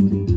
Mm-hmm.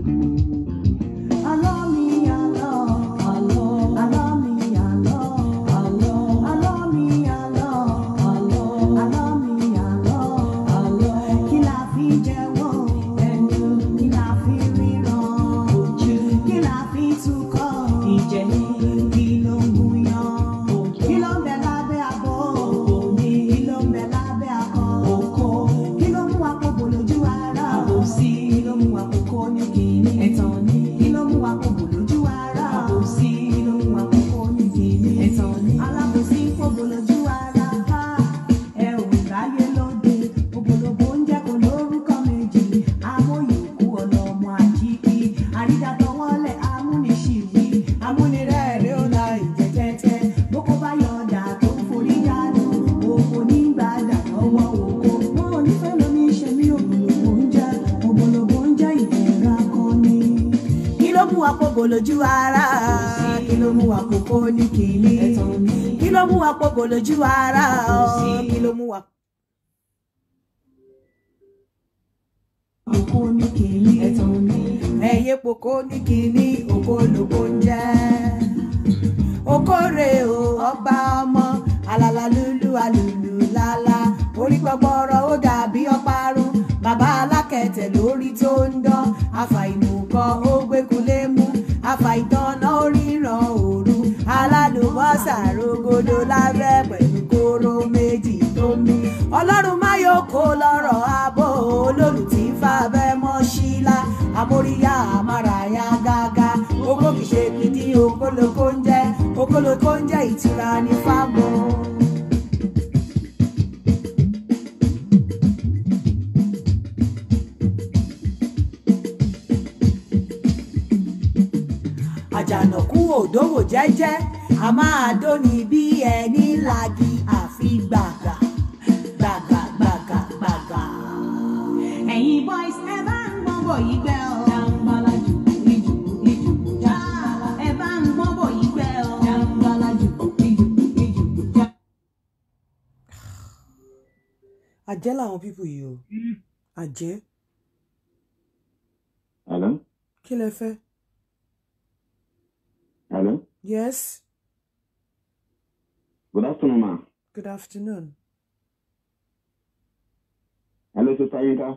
kò lójú ara ọ kí ló mú wa. ẹ̀yẹ́ pòkó ní kí. ìtura ní fábọ̀. àjànàkú òdòwò jẹ́jẹ́ a máa dóni bí ẹni lagi àfigbà. àjẹ́ làwọn pípù yìí o hmm. àjẹ́. hello. kí lẹ fẹ́. hello. yes. good afternoon ma. good afternoon. hello sọ́tà yínká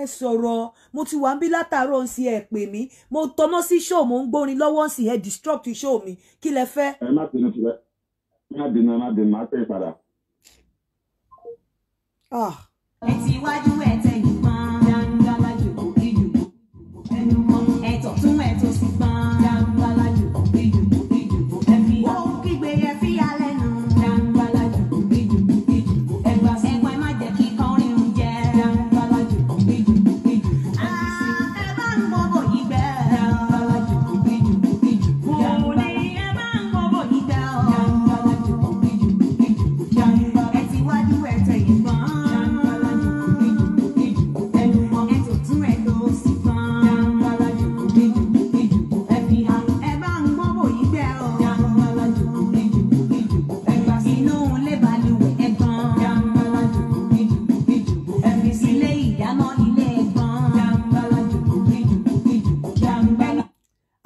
ẹ sọ̀rọ̀ mo ti wà ń bí látàárọ̀ ń sin ẹ̀ pè mí mo tọmọ́ sí ṣóò mo ń gbórin lọ́wọ́ ń sin ẹ̀ destruct ṣóò mi kí lẹ fẹ́. ẹ má bínú ẹ má bínú má bínú má tẹ̀ padà. Ah. ẹ ti iwájú ẹ tẹ̀yìn pọn dáńgá lájú kò kí jù ẹnu mọ́ ẹ tọ̀tún ẹ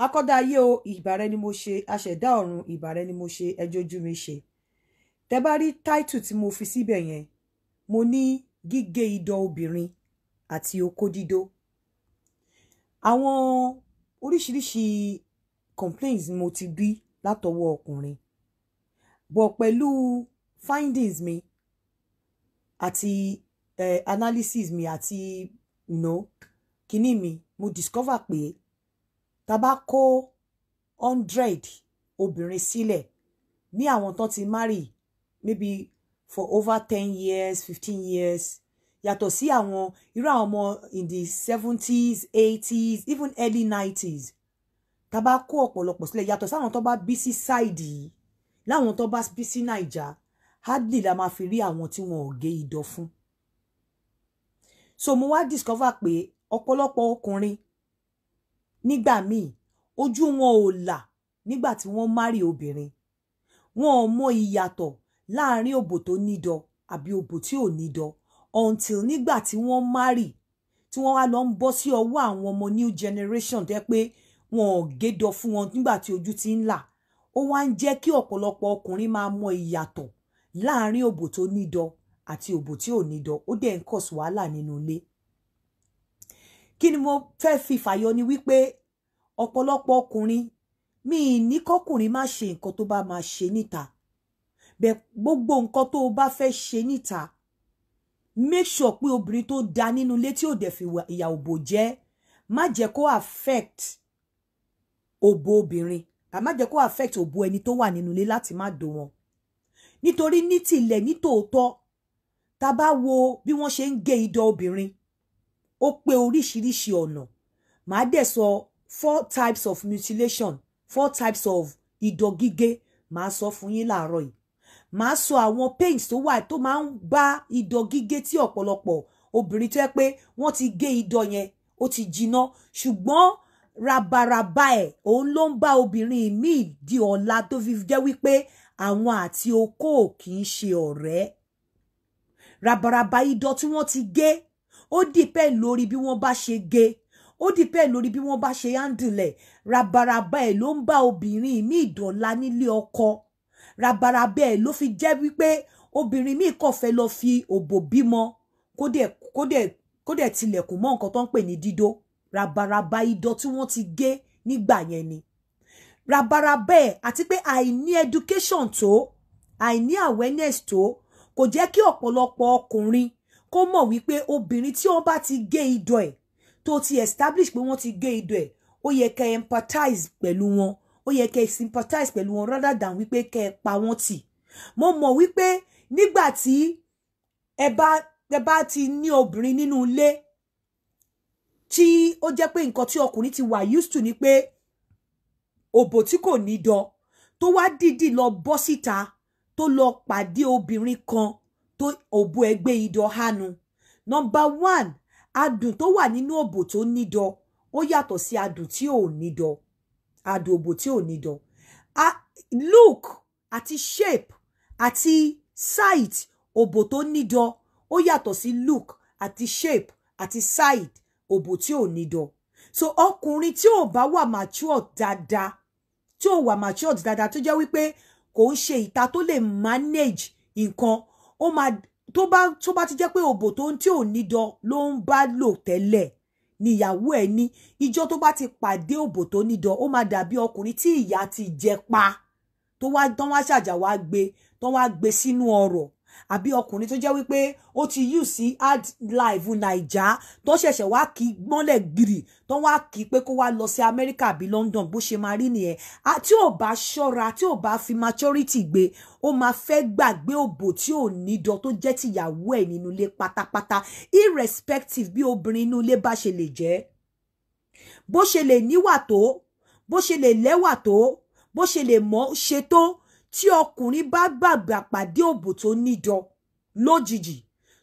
akọ́dá ayé o ìbàrẹ ni mo ṣe aṣẹ̀dá ọ̀run ìbàrẹ ni mo ṣe ẹjọ́ ojú mi ṣe tẹ bá rí táìtù tí mo fi síbẹ̀ yẹn mo ní gígé idán obìnrin àti okó dídó àwọn oríṣiríṣi complaints mo ti bí látọwọ́ ọkùnrin bọ̀ pẹ̀lú findings mi àti eh, analysis mi ati you know, kíní mi mo discover pé tá a bá kó hundred obìnrin sílẹ̀ ní àwọn ti marry maybe for over ten years fifteen years yàtọ̀ sí àwọn irú àwọn ọmọ in the seventies eighties even early nineties tá a bá kó ọ̀pọ̀lọpọ̀ sílẹ̀ yàtọ̀ sáwọn tó bá bí sí ṣáìdì yìí láwọn hardly la ma fi rí àwọn tí wọn ò gé idọ̀ fún so mo wá discover pé ọ̀pọ̀lọpọ̀ ọkùnrin nígbà míì ojú wọn ò là nígbà tí wọ́n márì obìnrin wọn ò mọ ìyàtọ̀ láàrin òbò tó nídọ Abi òbò tí ò nídọ until nígbà tí wọ́n márì tí wọ́n wá lọ ń bọ́ sí ọwọ́ àwọn ọmọ new generation tẹ́ pé wọn ò gédọ fún wọn nígbà tí ojú ti ń là ó wá ń jẹ́ kí ọ̀pọ̀lọpọ̀ ọkùnrin máa mọ ìyàtọ̀ láàrin òbò tó àti òbò tí ò ní dán ó dẹ̀ ń cause wàhálà nínú ilé kí ni mo fẹ́ fi fàyọ ni wípé ọ̀pọ̀lọpọ̀ ọkùnrin mi ì ní kọkùnrin má ṣe nǹkan tó bá máa ṣe níta bẹ gbogbo nǹkan tó o bá fẹ́ ṣe níta make sure pé obìnrin tó da nínú ilé tí ò dẹ̀ fi ìyà òbò jẹ́ má jẹ́ kó affect òbò obìnrin à má jẹ́ kó affect òbò ẹni tó wà nínú ilé láti má dó wọn nítorí ní tilẹ̀ nítòótọ́ tá bá wo bí wọ́n ṣe ń gé idọ̀ obìnrin ó pé oríṣiríṣi ọ̀nà màá dẹ̀ sọ four types of mutilation four types of idọ̀ gígé màá sọ fún yín láàárọ̀ yìí màá sọ àwọn pains tó wà tó máa ń bá idọ̀ gígé tí ọ̀pọ̀lọpọ̀ obìnrin tó yẹ pé wọ́n ti gé idọ̀ yẹn ó ti jiná ṣùgbọ́n rabaraba ẹ̀ òun ló ń bá obìnrin míì di ọ̀la tó fi jẹ́ wípé àwọn àti okó kì í ṣe ọ̀rẹ́ ràbàràbà idọ̀ tí wọ́n ti gé ó dìpẹ́ lórí bí wọ́n bá ṣe gé ó dìpẹ́ lórí bí wọ́n bá ṣe áńdìlẹ̀ ràbàràbà ẹ̀ ló ń bá obìnrin míì dọ̀la nílé ọkọ ràbàràbà ẹ̀ ló fi jẹ́ wípé obìnrin míì kàn fẹ́ lọ fi òbò bímọ kó dẹ̀ tilẹ̀kùn mọ́ nǹkan tó ń pè ní dídó ràbàràbà idọ̀ tí wọ́n ti gé nígbà yẹn ni ràbàràbà ẹ̀ àti pé àìní education tó àìní awareness tó kò jẹ́ kí ọ̀pọ̀lọpọ̀ ọkùnrin kó mọ̀ wípé obìnrin tí wọ́n bá ti gé idọ̀ ẹ̀ tó ti establish pé wọ́n ti gé idọ̀ ẹ̀ ó yẹ kẹ́ empathize pẹ̀lú wọn ó yẹ kẹ́ sympathize pẹ̀lú wọn rather than wípé kẹ́ ẹ pa wọ́n tì mo mọ̀ wípé nígbà tí ẹ bá ẹ bá ti ní obìnrin nínú ilé tí ó jẹ́ pé nǹkan tí ọkùnrin ti wà used to ni pé òbò tí kò ní dọ̀ tó wá dìdì lọ bọ́ síta tó lọ pàdé obìnrin kan tó òbò ẹgbẹ́ idọ hanu. nọmba one adùn tó wà nínú òbò tó nídọ ó yàtọ̀ sí adùn tí ò nídọ adùn òbò tí ò nídọ look àti shape àti site òbò tó nídọ ó yàtọ̀ sí look àti shape àti side òbò tí ò nídọ so ọkùnrin tí ò bá wà matured dáadáa tí ò wà matured dáadáa tó jẹ́ wípé kò ń ṣe ìta tó lè manage nǹkan ó máa tó bá tó bá ti jẹ́ pé òbò tó ń tí ò ní dán ló ń bá lò tẹ́lẹ̀ níyàwó ẹ̀ ní ìjọ tó bá ti pàdé òbò tó ní dán ó máa dàbí ọkùnrin tí ìyá ti jẹ pa tó wá tán wá ṣàjà wá gbé tán wá gbé sínú ọrọ̀ àbí ọkùnrin tó jẹ́ wípé ó ti yù sí ad live naija tó ṣẹ̀ṣẹ̀ wá kí gbọ́nlẹ̀ gbìrì tó wá kí pé kó wá lọ sí amẹ́ríkà àbí london bó ṣe máa rí nìyẹn tí ò bá ṣọ́ra tí ò bá fi maturity gbé ó máa fẹ́ gbàgbé òbò tí ò nídọ̀ tó jẹ́ tìyàwó ẹ̀ nínú ilé pátápátá irrespective bí obìnrin inú ilé bá ṣe lè jẹ́ bó ṣe lè níwà tó bó ṣe lè lẹ́wà tó bó ṣe lè mọ́ ṣe tó tí ọkùnrin bá bàgbà pàdé òbò tó nídọ̀ lójijì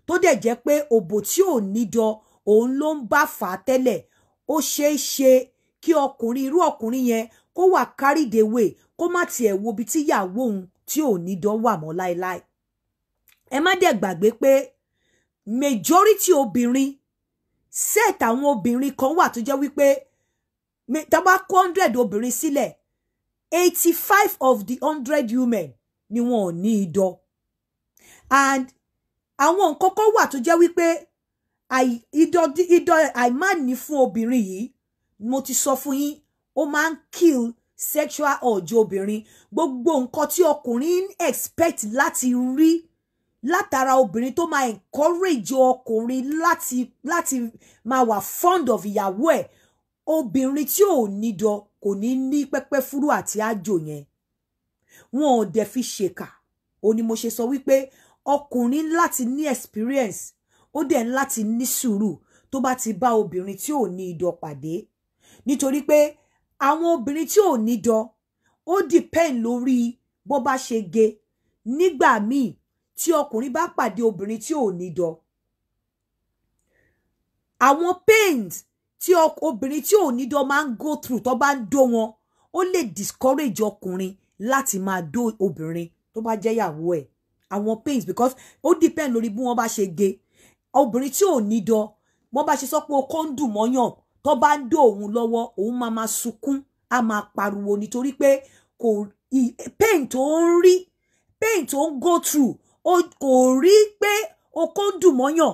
tó dẹ̀ jẹ́ pé òbò tí ò nídọ̀ òun ló ń bá fà á tẹ́lẹ̀ ó ṣeé ṣe kí ọkùnrin irú ọkùnrin yẹn kó wà carried away kó má tiẹ̀ wo ibi tí ìyàwó òun tí ò nídọ̀ wà mọ́ láéláé ẹ má dẹ̀ gbàgbé pé majority obìnrin set àwọn obìnrin kan wà tó jẹ́ wípé tá bá kó hundred obìnrin sílẹ̀ 85 of the hundred women ni wọn ò ní idọ̀ and àwọn nǹkan kan wà tó jẹ́ wípé i idọ̀ àìmáàní fún obìnrin yìí mo ti sọ fún yín ó máa kill sexual urge obìnrin gbogbo nǹkan tí ọkùnrin ń expect láti rí látara obìnrin to ma encourage ọkùnrin lati lati ma wa fond of yawe obìnrin tí ò nídọ̀ kò ní ní pẹ́pẹ́ fúrú àti àjò yẹn wọn ò dẹ̀ fi ṣèkà ó ní mo ṣe sọ wípé ọkùnrin láti ní experience ó dẹ̀ láti ní sùúrù tó bá ti bá obìnrin tí ò ní ìdọ̀ pàdé nítorí pé àwọn obìnrin tí ò ní dọ ó depend lórí bó bá ṣe ge nígbà míì tí ọkùnrin bá pàdé obìnrin tí ò ní dọ àwọn pains tí obìnrin tí ò ní dó máa ń go through tó bá ń dó wọn ó lè discourage ọkùnrin láti máa dó obìnrin tó bá jẹ́ ìyàwó ẹ̀ àwọn pains because ó depend lórí bí wọ́n bá ṣe ge obìnrin tí ò ní dó wọ́n bá ṣe sọ pé okó ń dùn mọ́yàn tó bá ń dó òun lọ́wọ́ òun máa máa sunkún á máa pariwo nítorí pé kò pain tó ń rí pain tó ń go through kò rí pé okó ń dùn mọ́yàn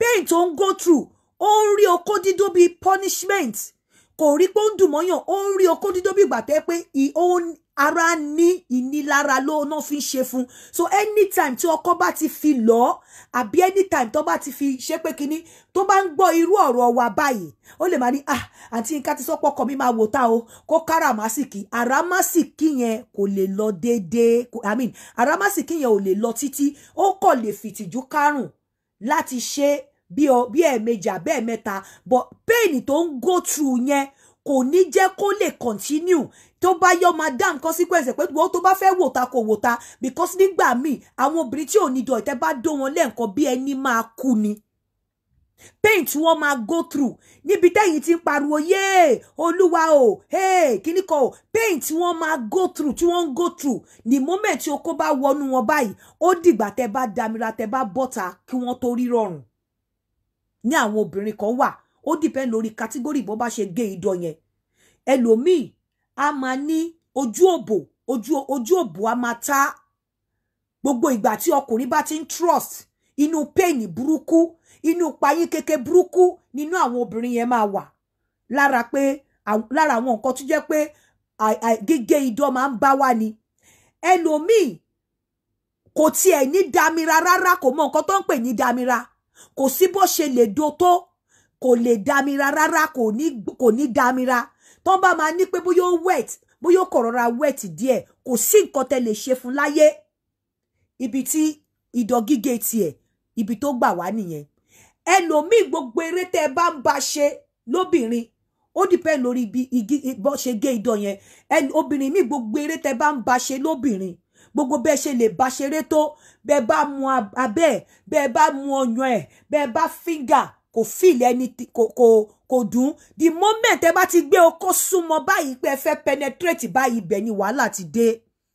pain tó ń go through ó ń rí okó dídó bíi punishment kò rí pé ó ń dùn mọ́yàn ó ń rí okó dídó bíi gbàtẹ́ pé ara ní ìnilára ló náà fi ń ṣe fún so anytime tí ọkọ bá ti fi lọ àbí anytime tó bá ti fi ṣe pé kinní tó bá ń gbọ́ irú ọ̀rọ̀ wa báyìí ó lè máa ní ah àǹtí nǹkan ti sọ́pọ̀ ọkọ mi máa wò tá o kó káràmásìkì àràmásìkì yẹn kò lè lọ déédéé i mean àràmásìkì yẹn ò lè lọ títí ó kọ̀ lè fìtìjú kárùn láti ṣe bí ẹ̀ẹ̀mejì àbẹ́ẹ̀mẹ́ta but pain tó ń go through yẹn kò ní jẹ́ kó lè continue tó bá yọ máa dá nǹkan sequence pé wọ́n tó bá fẹ́ wòta kò wòta because nígbà míì àwọn obìnrin tí ò ní dọ̀ ìtẹ́ bá dó wọn lẹ́ẹ̀kan bí ẹni máa kú ni pain tí wọ́n máa go through níbi tẹ́yìn ti ń pariwo yéè olúwa o hey kíní kan o pain tí wọ́n máa go through tí wọ́n ń go through ní moment tí o kó bá wọnú wọn báyìí ó dìgbà tẹ́ bá damira tẹ́ bá bọ́ta kí wọ́n tó rọrùn ní àwọn obìnrin kan wà ó depend lórí kátígórì bó bá ṣe gé idọ yẹn ẹlòmíì a máa ní ojú òbò ojú ojú òbò a máa ta gbogbo ìgbà tí ọkùnrin bá ti ń trust inú pain burúkú inú payín keke burúkú nínú àwọn obìnrin yẹn máa wà lára pé lára àwọn nǹkan tó jẹ́ pé gígé idọ máa ń bá wá ni ẹlòmíì kò tiẹ̀ ní damira rárá kò mọ nǹkan tó ń pè ní damira kò sí bó ṣe lè do tó kò lè damira rárá kò ní damira tó bá máa ní pé bóyá ó wet bóyá ó kọ̀ rọra wet díẹ̀ kò sí nǹkan tẹ́ lè ṣe fún láyé ibi tí ìdọ̀ gígé tiẹ̀ ibi tó gbà wá nìyẹn ẹlòmíì gbogbo eré tẹ́ ẹ bá ń ba ṣe lóbìnrin ó dìpẹ́ lórí ibi igi bó ṣe gé ìdọ̀ yẹn obìnrin míì gbogbo eré tẹ́ ẹ bá ń ba ṣe lóbìnrin gbogbo bẹ́ẹ̀ ṣe lè bá ṣeré tó bẹ́ẹ̀ bá mu abẹ́ ẹ̀ bẹ́ẹ̀ bá mu ọyàn ẹ̀ bẹ́ẹ̀ bá fíńgà kò feel ẹni kò kò kò dùn the moment ẹ bá ti gbé okó súnmọ́ báyìí pé ẹ fẹ́ penetrate báyìí ibẹ̀ ni wàhálà ti dé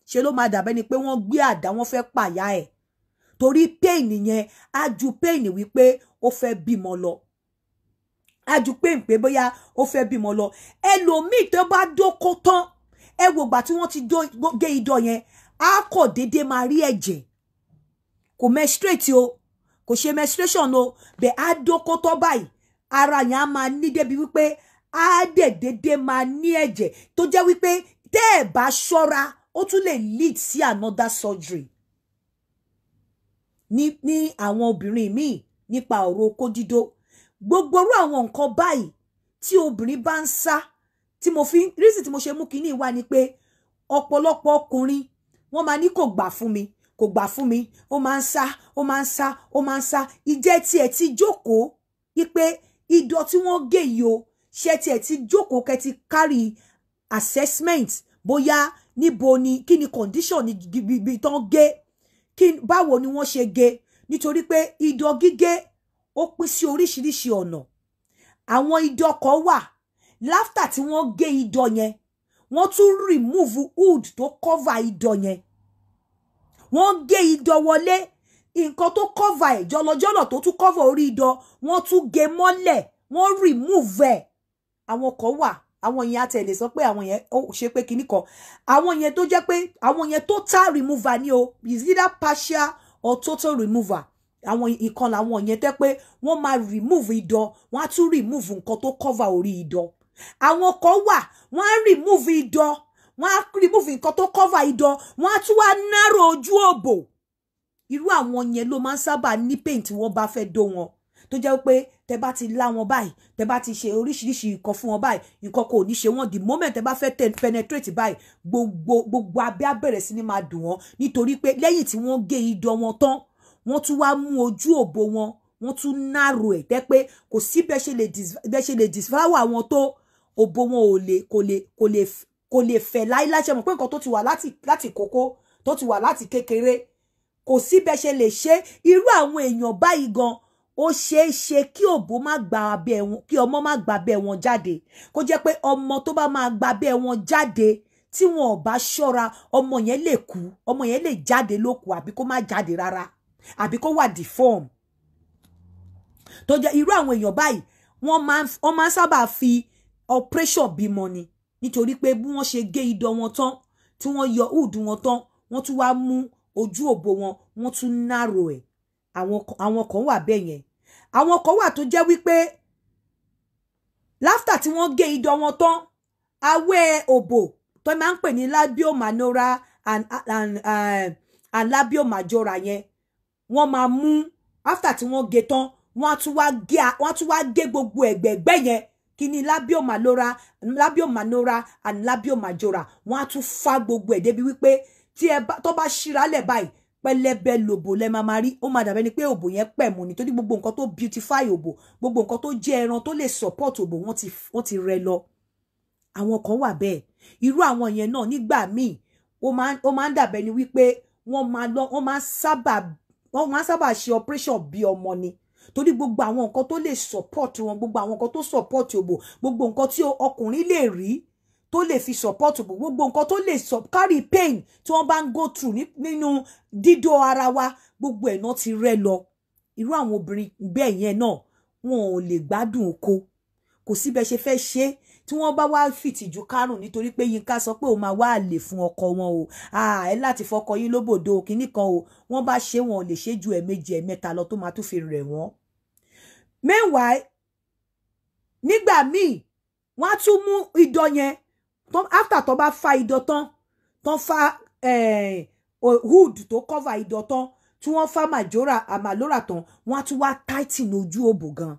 ṣe ló máa dàbẹ́ ni pé wọ́n gbé àdá wọ́n fẹ́ pàyà ẹ̀ torí pain yẹn á ju pain wípé ó fẹ́ bímọ lọ á ju pain pé bóyá ó fẹ́ bímọ lọ ẹlòmíì tó bá dóko tán ẹ wògbà tí wọ́n ti gé idọ yẹn á kọ̀ déédéé máa rí ẹ̀jẹ̀ kò menstruate o kò ṣe menstruation o bẹ̀ á dókó tọ́ báyìí ara yẹn á máa ní débi wípé á dẹ̀ déédéé máa ní ẹ̀jẹ̀ tó jẹ́ wípé tẹ́ ẹ̀ bá ṣọ́ra ó tún lè lead sí another surgery ní ní àwọn obìnrin míì nípa ọ̀rọ̀ okó dídó gbogbo orú àwọn nǹkan báyìí tí obìnrin bá ń sá tí mo fi rísì tí mo ṣe mú kínní wá ni pé ọ̀pọ̀lọpọ̀ ọkùnrin wọ́n máa ní kò gbà fún mi kò gbà fún mi ó máa ń sá ó máa ń sá ó máa ń sá ìjẹ́ tiẹ̀ ti jókòó wípé ìdọ̀ tí wọ́n gé yìí o ṣe tiẹ̀ ti jókòó kẹ́ ti carry assessment bóyá níbo ni kí ni condition ni gbígbí tán gé kí báwo ni wọ́n ṣe gé nítorí pé ìdọ̀ gígé ó pín sí oríṣiríṣi ọ̀nà àwọn ìdọ̀ kan wà láftà tí wọ́n gé ìdọ̀ yẹn wọ́n tún remove hood tó cover idọ̀ yẹn wọ́n gé idọ̀ wọlé nǹkan tó cover ẹ̀ jọlọjọlọ tó tún cover orí idọ̀ wọ́n tún gé mọ́lẹ̀ wọ́n remove ẹ̀ àwọn kan wà àwọn yẹn àtẹ̀lé sọ pé àwọn yẹn ó ṣe pé kinní kan àwọn yẹn tó jẹ́ pé àwọn yẹn total remover ni o is either partial or total remover àwọn ìkan làwọn yẹn tẹ́ pé wọ́n máa remove idọ̀ wọ́n á tún remove nǹkan tó cover orí idọ̀ àwọn kan wà wọ́n á rìmúfù idán wọ́n á rìmúfù nǹkan tó kọ́fà idán wọ́n á tún wá náró ojú òbò irú àwọn yẹn ló máa ń sábà ní paint wọ́n bá fẹ́ dó wọn tó jẹ́ pé tẹ bá ti lá wọn báyìí tẹ bá ti ṣe oríṣiríṣi nǹkan fún wọn báyìí nǹkan kò ní ṣe wọn the moment tẹ bá fẹ́ penetrate báyìí gbogbo gbogbo abẹ́ á bẹ̀rẹ̀ sí ni máa dùn wọn nítorí pé lẹ́yìn tí wọ́n gé idán wọn tán wọ́n tún wá mú ojú òbò wọn wọ́n tún nárò ẹ̀ tẹ́ pé kò sí bẹ́ẹ̀ ṣe lè disfáwà wọn tó òbó wọn ò lè kò lè kò lè kò lè fẹ̀ láíláí ṣe mọ̀ pé nǹkan tó ti wà láti láti kókó tó ti wà láti kékeré kò sí bẹ́ẹ̀ ṣe lè ṣe irú àwọn èèyàn báyìí gan ó ṣeé ṣe kí òbó má gba abẹ́ wọn kí ọmọ má gba abẹ́ wọn jáde kó jẹ́ pé ọmọ tó bá máa gba abẹ́ wọn jáde tí wọn ò bá ṣọ́ra ọmọ yẹn lè kú ọmọ yẹn lè jáde lókù àbí kó má jáde rárá àbí kó wà deform tó jẹ́ irú àwọn èèyàn báyìí wọ́n máa ń sábà fi operation bímọ ni nítorí pé bí wọ́n ṣe gé idọ̀ wọn tán tí wọ́n yọ hood wọn tán wọ́n tún wá mú ojú òbò wọn wọ́n tún narrow ẹ̀ àwọn kan wà bẹ́ẹ̀ yẹn àwọn kan wà tó jẹ́ wípé láftà tí wọ́n gé idọ̀ wọn tán awẹ́ òbò tó To ń pè ní labio manora and, and, uh, and labio majora yẹn wọ́n máa mú after tí wọ́n gé tán wọ́n á tún wá gé gbogbo ẹ̀gbẹ̀gbẹ́ yẹn Kini labio malora labio manora and labio majora wọ́n á tún fa gbogbo ẹ̀ débi wípé tí ẹ bá tó bá ṣíra lẹ̀ báyìí pẹlẹbẹ lòbò lẹ máa rí ó máa dàbẹ ni pé òbò yẹn pẹ̀ mú ni torí gbogbo nǹkan tó beautify òbò gbogbo nǹkan tó jẹ́ ẹran tó lè support òbò wọ́n ti wọ́n ti rẹ lọ àwọn kan wà bẹ́ẹ̀ irú àwọn yẹn náà nígbà míì ó máa ó máa ń dàbẹ ni wípé wọ́n máa lọ wọ́n máa sábà wọ́n máa sábà ṣe operation bí ọmọ ni torí gbogbo àwọn nǹkan tó lè support wọn gbogbo àwọn nǹkan tó support òbò gbogbo nǹkan tí ọkùnrin lè rí tó lè fi support òbò gbogbo nǹkan tó lè carry pain tí wọ́n bá ń go through nínú dídó ara wa gbogbo ẹ̀ náà ti rẹ́ lọ irú àwọn obìnrin bẹ́ẹ̀ yẹn náà wọn ò lè gbádùn oko kò síbẹ̀ ṣe fẹ́ ṣe tí wọ́n bá wá ju kárùn nítorí pé Yínká sọ pé ó máa wá àlè fún ọkọ wọn o ẹ láti fọkọ yín lóbòdo kínní kan o wọ́n bá ṣe wọn lè ṣe ju ẹ̀ẹ̀mejì ẹ̀ẹ̀mẹ́ta lọ tó máa tún fi rẹ̀ wọ́n. meanwhile nígbà míì wọ́n á tún mú idọ yẹn after tó bá fa idọ tán tán fa eh, hood tó cover idọ tán tí wọ́n fa màjòrà àmàlórà tán wọ́n á tún wá tighten ojú òbò gan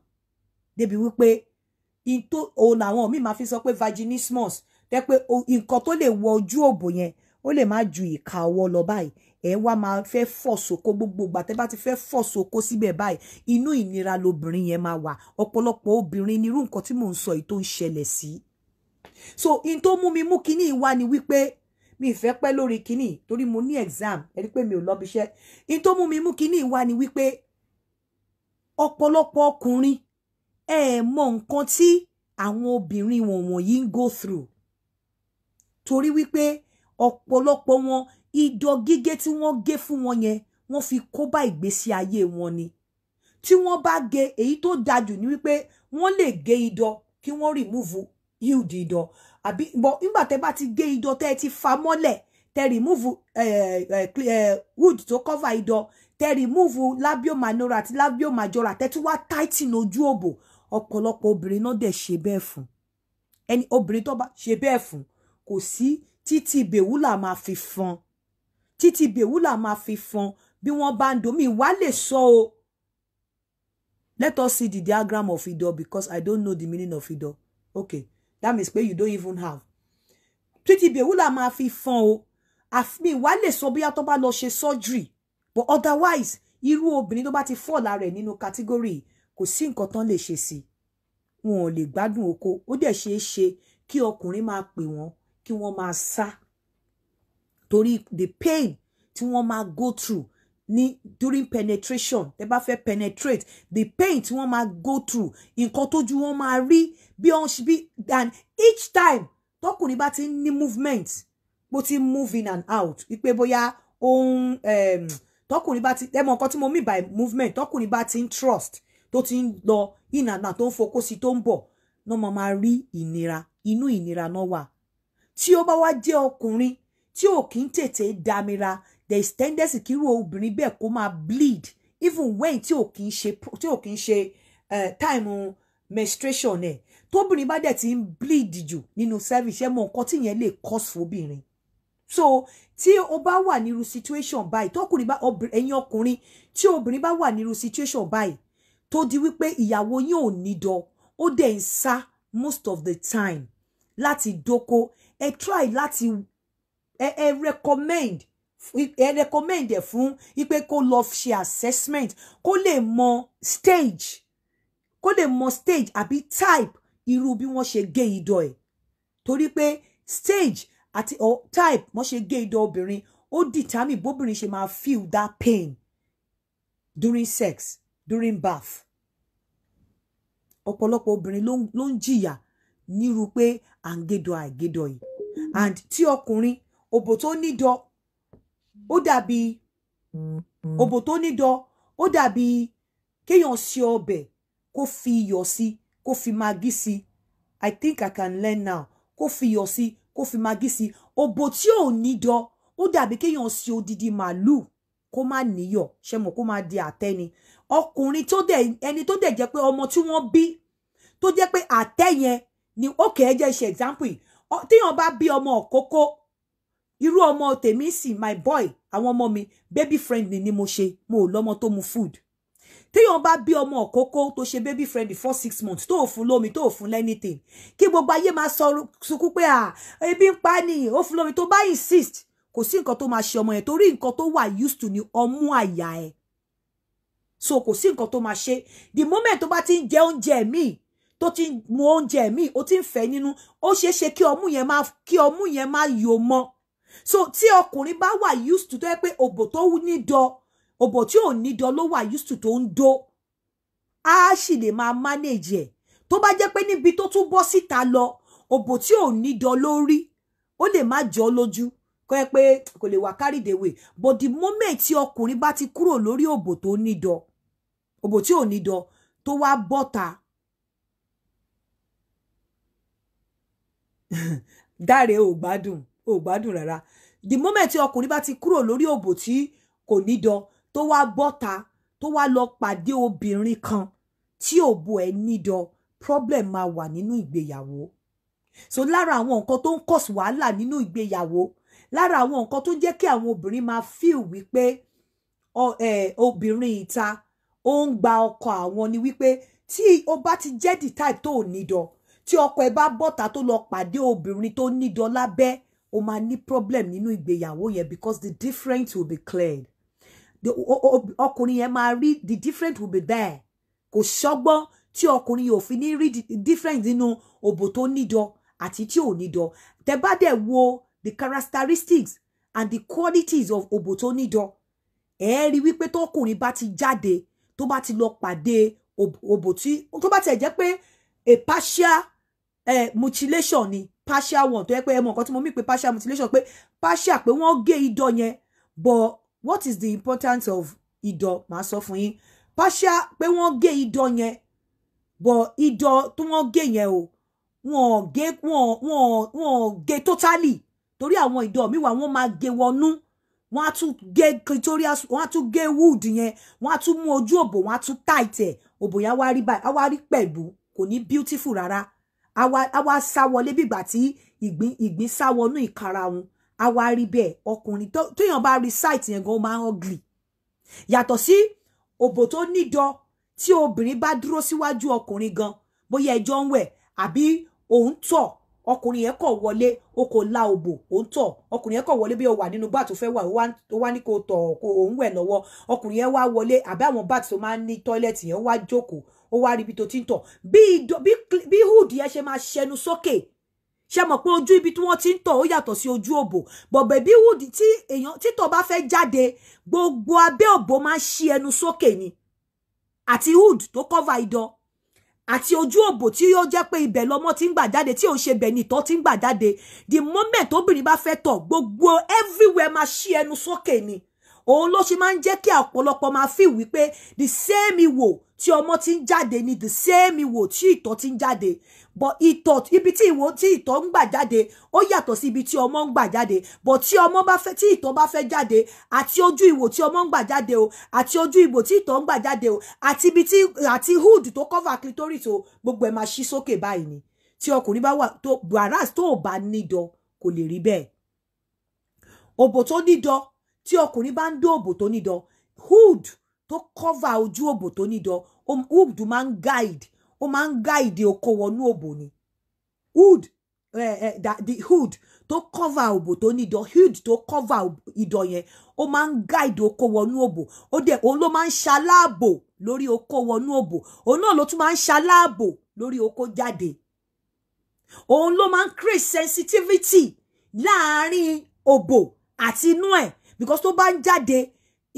débi wípé Into òun làwọn míì máa fi sọ pé vaginismus tẹ pé nǹkan tó lè wọ ojú òbò yẹn ó lè má ju ìka ọwọ́ lọ báyìí ẹ wá máa fẹ́ fọ̀ sóko gbogbo ìgbà tẹ́ bá ti fẹ́ fọ̀ sóko síbẹ̀ báyìí inú ìnira lobìnrin yẹn máa wà ọ̀pọ̀lọpọ̀ obìnrin nírú nǹkan tí mò ń sọ yìí tó ń ṣẹlẹ̀ sí. so in tó mú mi mú kinní wá ni wípé mi ìfẹ́ pẹ́ lórí kinní torí mo ní exam ẹ rí pé mi ò lọ́bi iṣẹ́ in tó mú mi mú kinní wá ni wípé ọ̀pọ̀lọpọ̀ ọkùnrin ẹ ẹ̀ mọ nǹkan tí àwọn obìnrin wọ̀nwọ̀nyí ń go through torí wípé ọ̀pọ̀lọpọ̀ wọn ìdọ̀ gígé tí wọ́n gé fún wọn yẹn wọ́n fi kó bá ìgbésí ayé wọn ni tí wọ́n bá gé èyí tó dájú ni wípé wọ́n lè gé ìdọ̀ kí wọ́n rìmúvù yield ìdọ̀ àbí bọ̀ nígbà tẹ́ bá ti gé ìdọ̀ tẹ́ ẹ ti fa mọ́lẹ̀ tẹ́ rìmúvù wood tó cover ìdọ̀ tẹ́ rìmúvù labio minora àti labio majora tẹ́ tún wá tighten ojú òbò ọ̀pọ̀lọpọ̀ obìnrin náà dẹ̀ ṣe bẹ́ẹ̀ fún ẹni obìnrin tó bá ṣe bẹ́ẹ̀ fún kò sí títí bèwúlà máa fi fọn títí bèwúlà máa fi fọn bí wọ́n bá ń domi wá lè sọ o let us see the diagram of Ido because I don't know the meaning of Ido okay that means pé you don't even have títí bèwúlà máa fi fọn o àfi wá lè sọ bóyá tó bá lọ ṣe surgery but otherwise irú obìnrin tó bá ti fall lára ẹ̀ nínú category kò sí nǹkan tán lè ṣe sí wọn ò lè gbádùn oko ó dẹ̀ ṣeé ṣe kí ọkùnrin máa pè wọ́n kí wọ́n máa sá torí the pain tí wọ́n máa go through ní during penetration tẹ́ bá fẹ́ penetrate the pain tí wọ́n máa go through nǹkan tójú wọn máa rí bí wọ́n ṣe bí and each time tọkùnrin bá ti ní movement bó ti move in and out wípé bóyá ohun ehm, tọkùnrin bá ti ẹ mọ nǹkan tí mo mean by movement tọkùnrin bá ti trust tó ti ń lọ ìnànà tó ń fokó sí tó ń bọ̀ náà máa máa rí ìnira inú ìnira náà wà tí ó bá wá jẹ́ ọkùnrin tí ò kí ń tètè damira there is tendency kí irú obìnrin bẹ́ẹ̀ kó máa bleed even when tí ò kí ń ṣe tí ò kí ń ṣe eh, time menstruation ẹ̀ tóbìnrin bá dẹ̀ ti ń bleed jù nínú service ẹ̀ mọ nǹkan tí yẹn lè cause fóbìnrin so tí o bá wà nírú situation báyìí tọkùnrin bá ẹ̀yin ọkùnrin tí obìnrin bá wà nírú situation báyìí tó di wípé ìyàwó yín ò ní dọ ó dẹ̀ ń sá most of the time láti dóko ẹ try láti ẹ ẹ recommend ẹ recommend ẹ fún wípé kó lọ ṣe assessment kó lè mọ stage kó lè mọ stage àbí type irú bí wọ́n ṣe gé idọ̀ ẹ̀ torí pé stage àti or type wọ́n ṣe gé idọ̀ obìnrin ó determine bóbìnrin ṣe máa feel that pain during sex during birth ọ̀pọ̀lọpọ̀ obìnrin ló ń jìyà nírú pé à ń gédọ̀ àìgédọ̀ yìí and tí ọkùnrin òbò tó nídọ̀ ó dàbí òbò tó nídọ̀ ó dàbí kéèyàn ṣe ọbẹ̀ kó fi iyọ̀ sí kó fi magí sí i think i can learn now kó fi iyọ̀ sí kó fi magí sí òbò tí ò nídọ̀ ó dàbí kéèyàn ṣe odidi màálù kó má níyọ̀ ṣe mọ̀ kó má di àtẹ́ni ọkùnrin tó dẹ̀ ẹni tó dẹ̀ jẹ́ pé ọmọ tí wọ́n bí tó jẹ́ pé àtẹ yẹn ni ókè ẹ jẹ́ ṣe example yìí téèyàn bá bí ọmọ òkókó irú ọmọ tèmi sì my boy àwọn ọmọ mi baby friend ni ni mo ṣe mo ò lọ́mọ tó mu food téèyàn bá bí ọmọ òkókó tó ṣe baby friend for six months tó ò fún lómi tó ò fún lẹ́nìtìn kí gbogbo ayé máa sọ sunkún pé à ebi ń pa nìyí ó fún lómi tó bá insist kò sí nǹkan tó máa ṣe ọmọ yẹn torí nǹkan tó wà used to ni ọmú àyà ẹ̀ so kò sí nǹkan tó máa ṣe the moment tó bá ti ń jẹ oúnjẹ míì tó ti ń mu oúnjẹ míì ó ti ń fẹ́ nínú ó ṣeé ṣe kí ọmú yẹn máa kí ọmú yẹn máa yò so tí ọkùnrin ba wa used to tó yẹ pé òbò tó ní dọ òbò tí ò ní dọ ló wà used to tó ń A á sì ma manage ẹ̀ tó bá jẹ́ pé níbi tó tún bọ́ síta lọ òbò tí ò ní dọ lórí ó lè má jọ lójú kọ́ ẹ pé kò lè wà carried but the moment tí ọkùnrin bá ti kúrò lórí òbò tó ní dọ òbò tí ò ní dọ tó wá bọ́ta dáre ò gbádùn ò gbádùn rárá the moment tí ọkùnrin bá ti kúrò lórí òbò tí kò ní dọ tó wá bọ́ta tó wá lọ pàdé obìnrin kan tí òbò ẹ̀ ní dọ problem máa wa nínú ìgbéyàwó so lara àwọn nǹkan tó ń cause wàhálà nínú ìgbéyàwó lára àwọn nǹkan tó ń jẹ́ kí àwọn obìnrin máa feel wípé obìnrin ìta ó ń gba ọkọ àwọn ni wípé tí o bá ti jẹ́ the type tó ò ní dọ̀ tí ọkọ ẹ bá bọ́ta tó lọ pàdé obìnrin tó ní dọ̀ lábẹ́ o máa ní problem nínú ìgbéyàwó yẹn because the difference will be cleared ọkùnrin yẹn máa rí the difference will be there kò ṣọgbọ́n tí ọkùnrin yóò fi ní rí difference nínú òbò tó nídọ̀ àti tí ò nídọ̀ tẹ bá dẹ̀ wo the characteristics and the qualities of òbò tó nídọ̀ ẹ rí wípé tọkùnrin bá ti jáde tó bá ti lọ pàdé òbò tí tó bá tiẹ̀ jẹ́ pé a partial eh, mutilation ni partial one tó yẹ pé ẹ mọ nǹkan tí mo mí pé partial mutilation pé partial pé wọ́n gé idọ̀ yẹn but what is the importance of idọ̀ màá sọ fún yín partial pé wọ́n gé idọ̀ yẹn but idọ̀ tó wọ́n gé yẹn o wọ́n gé wọ́n wọ́n wọ́n gé totally torí àwọn idọ̀ mi wà wọ́n máa gé wọnú wọ́n á tún gé clitoral wọ́n á tún gé wood yẹn wọ́n á tún mú ojú òbò wọ́n á tún tight ẹ̀ òbò yẹn á wá rí báyìí á rí pẹ̀lú kò ní beautiful rárá á wá á wá sá wọlé bìgbà tí ìgbín ìgbín sá wọnú ìkara wọn á wá rí bẹ́ẹ̀ ọkùnrin téèyàn bá rí site yẹn gan máa ń ugly yàtọ̀ sí òbò tó nídọ̀ tí obìnrin bá dúró síwájú ọkùnrin gan bóyá ẹjọ́ ń wẹ̀ àbí òun tọ̀ ọkùnrin yẹn kọ̀ wọlé o kò la òbò o ń tọ̀ ọkùnrin yẹn kọ̀ wọlé bí o wà nínú báàtì tó fẹ́ wà o wá ní kó tọ̀ kó o ń wẹ̀ lọ́wọ́ ọkùnrin yẹn wá wọlé àbí àwọn báàtì tó máa ń ní tọ́ílẹ̀tì yẹn wá jókòó ó wá rí ibi tó ti ń tọ̀ bí hood yẹn ṣe máa ṣẹnu sókè ṣe mọ̀ pé ojú ibi tí wọ́n ti ń tọ̀ ó yàtọ̀ sí ojú òbò bọ̀bẹ̀ bí hood tí èèyàn títọ̀ bá fẹ́ jáde gbogbo abẹ́ òbò máa ń ṣí ẹnu sókè ni àti hood tó cover idán àti ojú òbò tí yóò jẹ́ pé ibẹ̀ lọ́mọ ti ń gbà jáde tí ò ṣe bẹ̀ nìtọ́ ti ń gbà jáde the moment obìnrin bá fẹ́ tọ̀ gbogbo everywhere máa ṣí ẹnu sókè ni òun ló ṣe máa ń jẹ́ kí ọ̀pọ̀lọpọ̀ máa fi wípé the same ìwò tí ọmọ ti ń jáde the same ìwò tí ìtọ̀ ti ń but ìtọ̀ ibi tí ìwò tí ìtọ̀ ń gbà jade. ó yàtọ̀ sí ibi tí ọmọ ń gbà jáde but tí ọmọ bá fẹ́ tí ìtọ̀ bá fẹ́ jáde àti ojú ìwò tí ọmọ ń gbà jáde o àti ojú ìbò tí ìtọ̀ ń gbà jáde o ati ibi tí àti hood to cover clitoris o gbogbo ẹ̀ máa ṣí sókè báyìí ni tí ọkùnrin ba wa to whereas to ò bá nídọ̀ kò lè rí bẹ́ẹ̀ òbò tó nídọ̀ tí ọkùnrin bá ń dó òbò tó hood tó cover ojú òbò tó nídọ̀ wood máa ń guide ó máa ń guide oko wọnú òbò ni wood eh, eh, the hood tó cover òbò tó nídọ̀ hood tó cover ìdọ̀ yẹn ó máa ń guide oko wọnú òbò ó dẹ̀ òun ló máa ń ṣaláàbò lórí oko wọnú òbò òun náà ló tún máa ń ṣaláàbò lórí oko jáde òun ló máa ń create sensitivity láàárín òbò àti inú ẹ̀ because tó bá ń jáde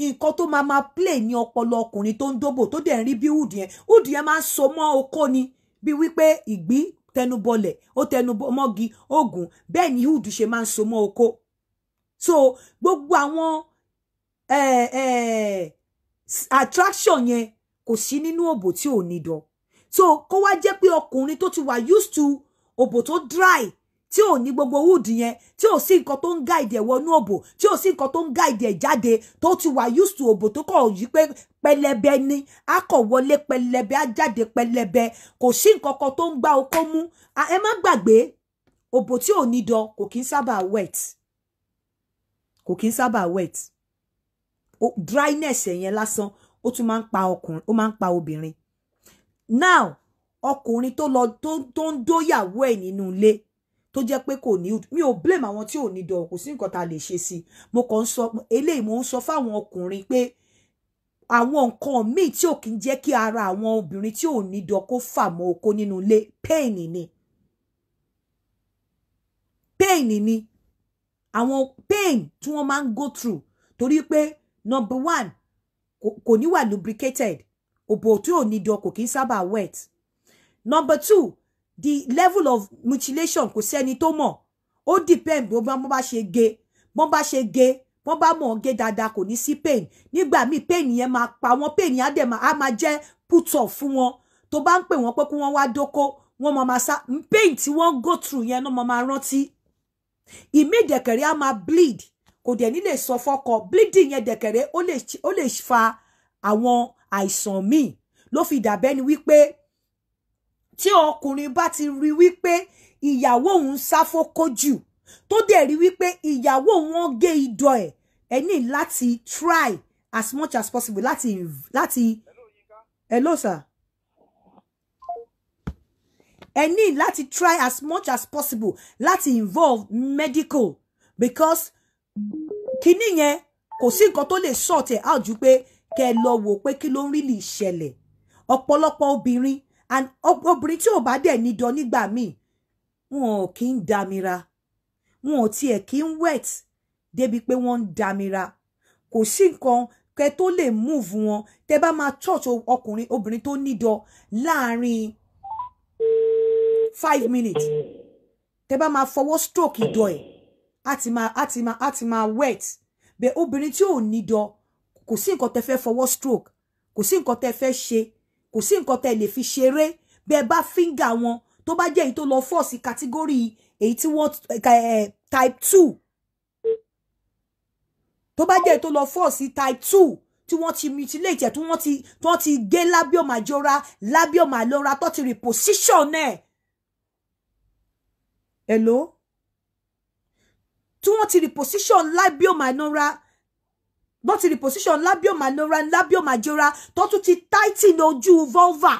nǹkan tó máa máa play ní ọpọlọ ọkùnrin tó ń dóbò tó dẹ̀ ń rí bí wood yẹn wood yẹn máa ń so mọ́ oko ni bí wípé ìgbín tẹnubọlẹ̀ ó tẹnumọ́gi oògùn bẹ́ẹ̀ ni wood ṣe máa ń so mọ́ okó so gbogbo àwọn eh, eh, attraction yẹn kò sí nínú òbò tí ò ní dán so kó wá jẹ́ pé ọkùnrin tó ti wà used to òbò tó dry tí ò ní gbogbo wood yẹn tí ò sí nǹkan tó ń guide ẹ̀ wọnú òbò tí ò sí nǹkan tó ń guide ẹ̀ jáde tó ti wà used to òbò tó kọ̀ yí pé pẹlẹbẹ ni a kọ̀ wọlé pelebe a jáde pẹlẹbẹ kò sí nǹkan kan tó ń gbá okó mú ẹ má gbàgbé òbò tí ò ní dán kò kí ń sábà wet kò kí ń sábà wet o, dryness yẹn lásán ó tún máa ń pa ọkùnrin ó máa ń pa obìnrin now ọkùnrin tó lọ tó ń dóyàwó ẹ̀ nínú ilé tó jẹ́ pé kò ní mi ò blame àwọn tí ò ní dọ̀ kò sí nǹkan tá a lè ṣe sí mo kàn ń sọ eléyìí mo ń sọ fáwọn ọkùnrin pé àwọn nǹkan míì tí ò kí ń jẹ́ kí ara àwọn obìnrin tí ò ní dọ̀ kó fà mọ́ okó nínú ilé pain ni pain ni àwọn pain tí wọ́n máa ń go through torí pé number one kò ní wà lubricated òbò tí ò ní dọ̀ kò kí ń sábà wet number two the level of mutilation kò sẹ́ni tó mọ̀ ó depend bó bọ́n bá ṣe ge bọ́n bá ṣe ge bọ́n bá mọ̀ ge dáadáa kò ní sí pain nígbà míì pain yẹn máa pa wọ́n pain yẹn á dẹ̀ máa á máa jẹ́ put off fún wọn tó bá ń pè wọ́n pé kí wọ́n wá dóko wọ́n máa máa sá pain tí wọ́n go through yẹn náà máa máa rántí ìmí ìdẹ̀kẹ̀rẹ̀ á máa bleed kò dẹ̀ ní lè sọ fọ́kọ bleeding yẹn dẹ̀kẹ̀rẹ̀ ó lè fa àwọn àìsàn míì ló fi dàbẹ́ni wípé tí ọkùnrin bá ti rí wípé ìyàwó òun sáfókó jù tó dẹ̀ rí wípé ìyàwó wọn gé idọ̀ ẹ̀ ẹ ní láti try as much as possible láti láti hello sir ẹ ní láti try as much as possible láti involve medical because kíní yẹn kò sí nǹkan tó lè sort ẹ̀ out ju pé kẹ́ ẹ lọ wò pé kí ló ń rí lè ṣẹlẹ̀ ọ̀pọ̀lọpọ̀ obìnrin and obìnrin tí ò bá dẹ̀ nídọ̀ nígbà míì wọn ò kí ń damira wọn ò tiẹ̀ kí ń wet débi pé wọ́n ń damira kò sí nǹkan kẹ tó lè múùfù wọn tẹ bá máa touch ọkùnrin obìnrin tó nídọ̀ láàárín five minutes tẹ bá máa fọwọ́ stroke ìdọ̀ ẹ̀ á ti máa á ti máa á ti máa wet bẹ́ẹ̀ obìnrin tí ò nídọ̀ kò sí nǹkan tẹ fẹ́ fọwọ́ stroke kò sí nǹkan tẹ fẹ́ ṣe kò sí nǹkan tẹ́ lè fi ṣeré bẹ́ẹ̀ bá fíńgà wọn tó bá jẹ́ èyí tó lọ fọ́ sí kàtígórì èyí tí wọ́n type two tó bá jẹ́ èyí tó lọ fọ́ sí type two tí wọ́n ti mutilate ẹ̀ tí wọ́n ti tí wọ́n ti gé labium majora labium alora tó ti reposition ẹ̀ hello tí wọ́n ti reposition labium alora wọ́n ti reposition labiomanoran labiomajora tó tún ti tighten ojú vulva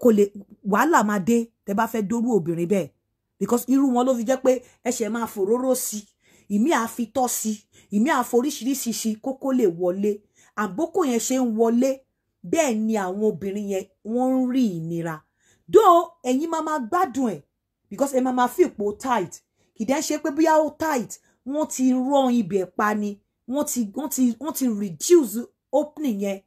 kò lè wàhálà máa dé tẹ́ bá fẹ́ dórú obìnrin bẹ́ẹ̀ because irú wọn ló fi jẹ́ pé ẹsẹ̀ máa fòróró sí ìmí àfitọ́ sí ìmí àforíṣiríṣi sí kókó lè wọlé àbókò yẹn ṣe ń wọlé bẹ́ẹ̀ ni àwọn obìnrin yẹn wọ́n ń rí ìnira dó ẹ̀yin máa máa gbádùn ẹ̀ because ẹ máa máa fi ipò tight kìdẹ́ ṣe pé bóyá ó tight wọ́n ti rọ́ ibẹ̀ pa ni wọ́n ti wọ́n ti wọ́n ti reduce opening yẹn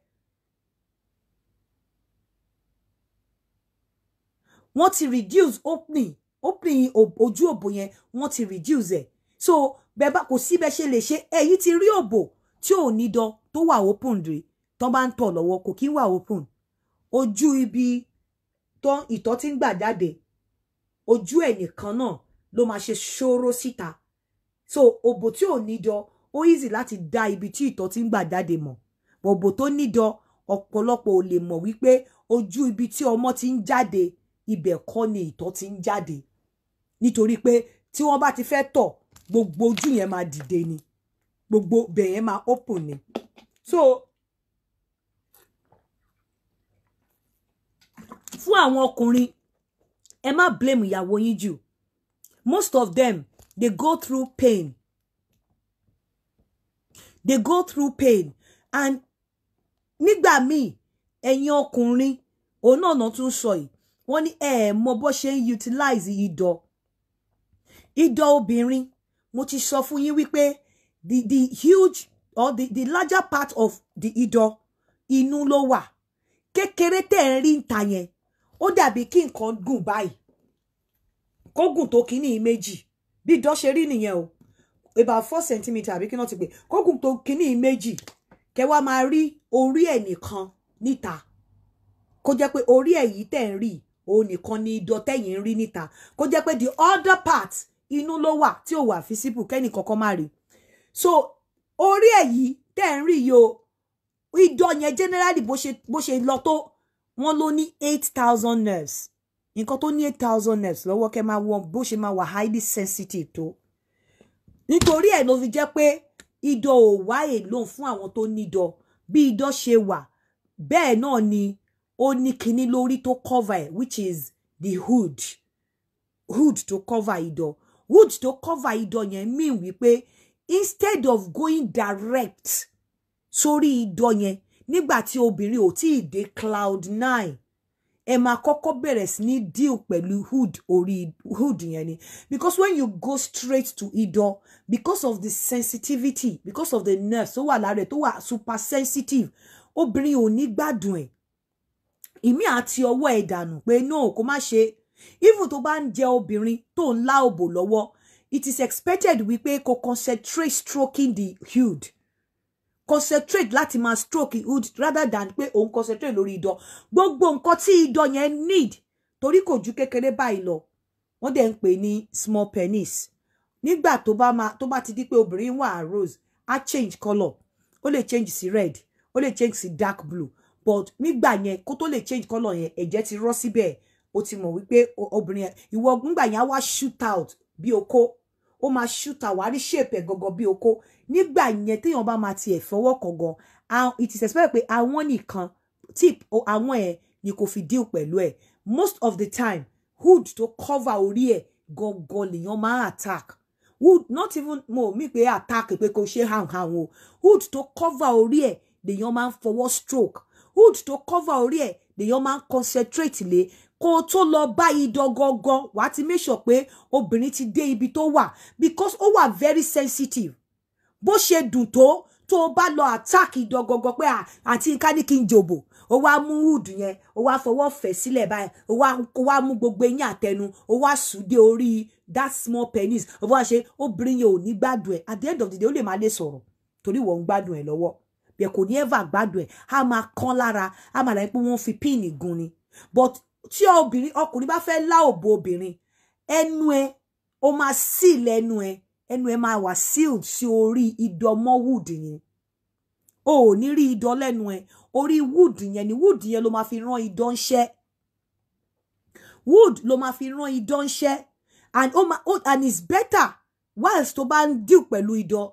wọ́n ti reduce opening opening ojú òbò yẹn wọ́n ti reduce ẹ̀ so bẹ́ẹ̀ bá kò sí bẹ́ẹ̀ ṣe lè ṣe èyí ti rí òbò tí ò ní dán tó wà open rè tán bá ń tọ̀ lọ́wọ́ kò kí ń wà open ojú ibi tán ìtọ̀ ti ń gbà jáde ojú ẹ̀ nìkan náà ló máa ṣe ṣòro síta so òbò tí ò nídọ̀ ó easy láti dá ibi tí ìtọ̀ ti ń gbà jáde mọ̀ òbò tó nídọ̀ ọ̀pọ̀lọpọ̀ ò lè mọ̀ wípé ojú ibi tí ọmọ ti ń jáde ibẹ̀ kọ́ ni ìtọ̀ ti jade. jáde nítorí pé tí wọ́n bá ti fẹ́ tọ̀ gbogbo ojú yẹn máa dìde ni gbogbo bẹ̀ yẹn máa open ni so fún àwọn ọkùnrin ẹ má blame ìyàwó yín jù most of them They go through pain. They go through pain. And nígbà míì ẹ̀yin ọkùnrin òun náà náà tún sọ yìí wọ́n ní ẹ mọ bó ṣe ń utilize ìdọ̀ ìdọ̀ obìnrin mo ti sọ fún yín wípé the the huge or the the larger part of the ìdọ̀ inú ló wà kékeré tẹ̀ ń rí ìta yẹn ó dàbí kí nǹkan gùn báyìí kó gùn tó kíní méjì bí ìdán ṣe rí nìyẹn o about four centimeter. àbí kí náà ti pè kókùn tó kíní méjì kẹwàá máa rí orí ẹ̀ nìkan níta kó jẹ́ pé orí ẹ̀ yìí tẹ̀ ń rí òun nìkan ni ìdán tẹ̀yìn ń rí níta kó jẹ́ pé the other part inú ló wà tí ò wà visible kẹ́nì kankan má rí so orí ẹ̀ yìí tẹ̀ ń rí yìí o yẹn generally bó ṣe lọ tó wọ́n ló ní eight thousand nerves nǹkan tó ní eight thousand naira lọ́wọ́ kẹ́ máa wọ bó ṣe máa wà highly sensitive tó nítorí ẹ̀ ló fi jẹ́ pé idọ ò wá èlòun fún àwọn tó nídọ bí idọ ṣe wà bẹ́ẹ̀ náà ni ó ní kinní lórí tó cover ẹ̀ which is the hood hood tó cover idọ hood tó cover idọ yẹn mean wípé instead of going direct sórí idọ yẹn nígbà tí obìnrin ò tí ì dé cloud nine ẹ máa kọ́kọ́ bẹ̀rẹ̀ sí ní deal pẹ̀lú hood orí hood yẹn ni because when you go straight to idọ because of the sensitivity because of the nerves tó wà lára ẹ̀ tó wà super sensitive obìnrin ò ní gbádùn ẹ̀ ìmí àti ọwọ́ ẹ̀ dànù pé no kó má ṣe even tó bá ń jẹ obìnrin tó ń lá òbò lọ́wọ́ it is expected wípé kó concentrate stroking the hood concentrate láti máa stroke hood rather than pé òun concentrate lórí idọ̀ gbogbo nǹkan tí idọ̀ yẹn need torí kò ju kékeré báyìí lọ wọ́n dẹ̀ ń pè ní small penis nígbà tó bá ma tó bá ti di pé obìnrin wà rose á change colour ó lè change sí red ó lè change sí dark blue but nígbà yẹn kó tó lè change colour yẹn ẹ̀jẹ̀ ti rọ́ síbẹ̀ o ti mọ̀ wípé obìnrin ìwọ nígbà yẹn á wá shoot out bí okó ó máa ṣúta wàá rí ṣèpẹ̀ gangan bí oko nígbà yẹn ba bá máa tiẹ̀ fọwọ́ kọ̀ọ̀gàn it is expected pé àwọn nìkan tip àwọn ẹ̀ ni kò fi deal pẹ̀lú ẹ̀ most of the time hood to cover orí ẹ̀ gangan lèèyàn máa attack hood not even mo mi pé attack pé kò ṣe hàn hàn o hood to cover orí ẹ̀ lèèyàn máa ń fọwọ́ stroke hood to cover orí ẹ̀ lèèyàn máa ń concentrate lé kó o tó lọ bá idán gangan wàá ti make sure pé obìnrin ti dé ibi tó wà because ó wà very sensitive bó ṣe dùn tó tó o bá lọ attack idán gangan pé àti nǹkan ní kí n jòbò ó wá mú wood yẹn ó wá fọwọ́ fẹ̀ sílẹ̀ báyìí ó wá ó wá mú gbogbo eyín àtẹnu ó wá sùdé orí that small penis ó wá ṣe obìnrin yẹn ò ní gbádùn ẹ̀ at the end of the day ó lè má lè sọ̀rọ̀ torí wọ́n ń gbádùn ẹ̀ lọ́wọ́ bẹ́ẹ̀ kò ní ever gbádùn ẹ̀ á máa kán lára á máa láyé pé wọ́n fi píìnì gún ni but tí obìnrin ọkùnrin bá fẹ́ lá òbò obìnrin ẹnu ẹ ó máa seal ẹnu ẹ ẹnu ẹ máa wà sealed sí orí ìdọ̀mọ́ wood yẹn o ò ní rí idán lẹ́nu ẹ orí wood yẹn ni wood yẹn ló máa fi rán idán ṣẹ́ wood ló máa fi rán idán ṣẹ́ and o ma o and it's better whilst tó bá ń deal pẹ̀lú idán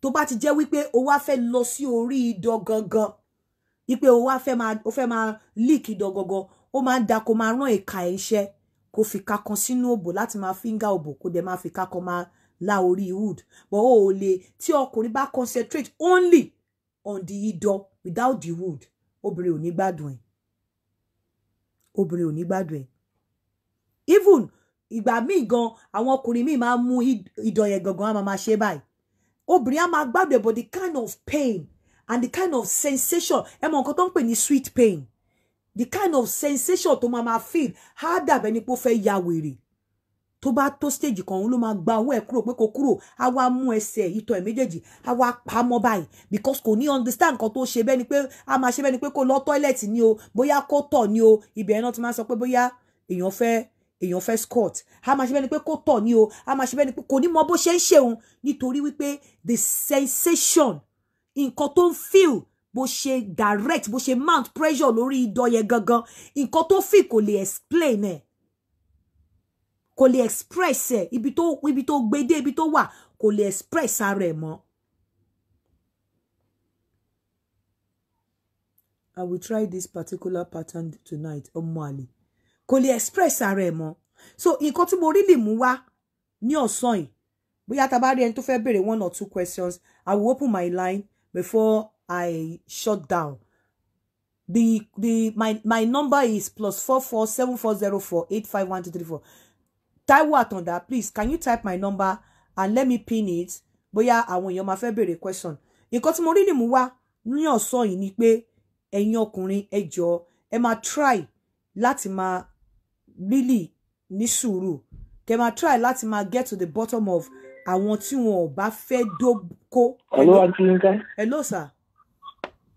tó bá ti jẹ́ wípé o wá fẹ́ lọ sí orí idán gangan wípé o wa fẹ́ ma o fẹ́ ma leak idán gangan ó máa ń da kó máa rán ìka ẹ̀ iṣẹ́ kó fi kakan sínú òbò láti máa fíńgà òbò kó dẹ̀ máa fi kakan máa la orí wood but ó lè tí ọkùnrin bá concentrate only on the idọ without the wood obìnrin ò ní gbádùn ẹ̀ obìnrin ò ní gbádùn ẹ̀ even ìgbà míì gan àwọn ọkùnrin míì máa ń mú idọ yẹn gangan á máa ṣe báyìí obìnrin á máa gbádùn ẹ̀ but the kind of pain and the kind of sensation ẹ mọ nǹkan tó ń pè ní sweet pain the kind of sensation to mama feel á dàbẹ́ ni pé ó fẹ́ ya wèrè tó bá tó stage kan òun ló máa gba owó ẹ kúrò pé kò kúrò á wá mú ẹsẹ̀ ìtọ̀ ẹ̀ méjèèjì á wá pa á mọ́ because kò ní understand nǹkan tó ṣe bẹ́ẹ̀ ni pe á máa ṣe bẹ́ẹ̀ ni pé kó lọ toilet ni o Boya kó tọ̀ ni o ibẹ̀ náà ti máa sọ pé bóyá èèyàn fẹ́ èèyàn fẹ́ squat á máa ṣe bẹ́ẹ̀ ni pé kó tọ̀ ni o á máa ṣe bẹ́ẹ̀ ni pé kò ní mọ bó ṣe ń ṣeun nítorí the sensation nǹkan tó feel bó ṣe direct bó ṣe mount pressure lórí idọ yẹn gangan nǹkan tó fi kò lè explain ẹ kò lè express ẹ ibi tó ibi tó gbede ibi tó wà kò lè express ara ẹ mọ́. I will try this particular pattern tonight ọmọ àlè kò lè express ara ẹ mọ́ so nǹkan tí mo rí lè mú wá ní ọ̀sán yìí bóyá tá a bá rí ẹni tó fẹ́ béèrè one or two questions I will open my line before I shut down. The the my my number is plus four four seven four zero four eight five one two three four. Type what on that, please can you type my number and let me pin it? Bóyá àwọn èèyàn máa fẹ́ béèrè question. Nǹkan tí mo rí ni mo wá ní ọ̀sán yìí ni pé ẹ̀yin ọkùnrin ẹ try lati ma really ní sùúrù kẹ try lati ma get to the bottom of I want you wọn ò bá fẹ́ dóko. Hello, Aunty Hello, sir.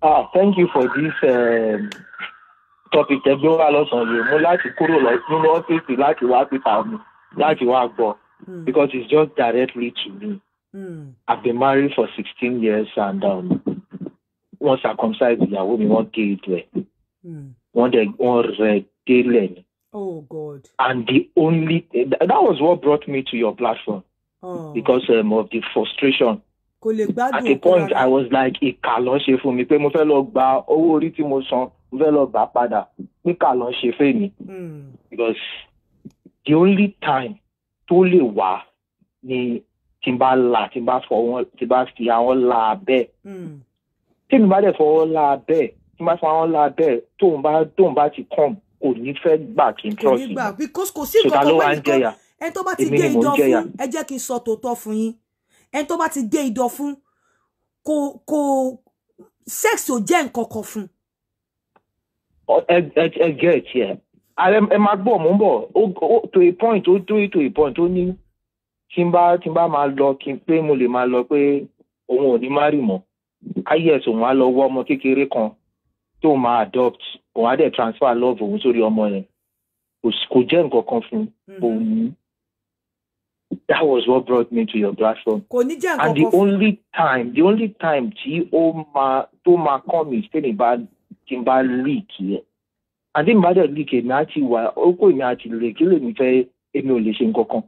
Ah, thank you for this um, topic ẹgbẹ́ wa lọ́sàn-án yìí mo láti kúrò nínú ọ́fíìsì láti wá pípa mi láti wá gbọ́ hmm. because it's just directly to me. Mm. I've been married for sixteen years and um, wọ́n circumcised, ìyàwó mi wọ́n gé ètò e ẹ̀ hmm. wọ́n dẹ̀ wọ́n rẹ̀ délẹ̀ ni. Oh God. And the only that was what brought me to your platform oh. because um, of the frustration kò lè gbádùn at a point i was like ìkà ló ṣe fún mi pé mo fẹ́ lọ gba owó orí tí mo san mo fẹ́ lọ gbà padà níkà ló ṣe fẹ́ mi hmm. because the only time tó lè wá ni tí n bá là tí n bá fọwọ́ tí n bá fi àwọn la hmm. abẹ́ tí n bá dẹ̀ fọwọ́ la abẹ́ tí n bá fọwọ́ la abẹ́ tóun bá tóun bá ti come kò ní fẹ́ gbà kí n trust yìí ṣùgbọ́n ló wá ń jẹyà èmi ni mò ń jẹyà ẹ jẹ́ kí n sọ tòótọ́ fún yín ẹni tó bá ti gé idọ̀ fún kò kò sex ò jẹ́ nǹkan kan fún. ẹ ẹ ẹ gẹ ẹ tiẹ ààrẹ ẹ to a point ó tó to a point ó ni tí n bá tí n bá máa lọ kí n pé mo lè máa lọ pé òun ò ní má rì mọ́ káyẹ̀sì e òun á lọ wọ́ ọmọ kékeré kan tó máa adopt òun á dẹ̀ transfer love òun sórí ọmọ yẹn kò jẹ́ nǹkan kan fún mm-hmm that was what brought me to your platform. and the only time, the only time tí ó máa tó máa kọ́ mi tí n bá tí n bá líìkì ẹ̀. àti n bá dẹ̀ líìkì èmi àti wà ókó èmi àti lè kí lèmi fẹ́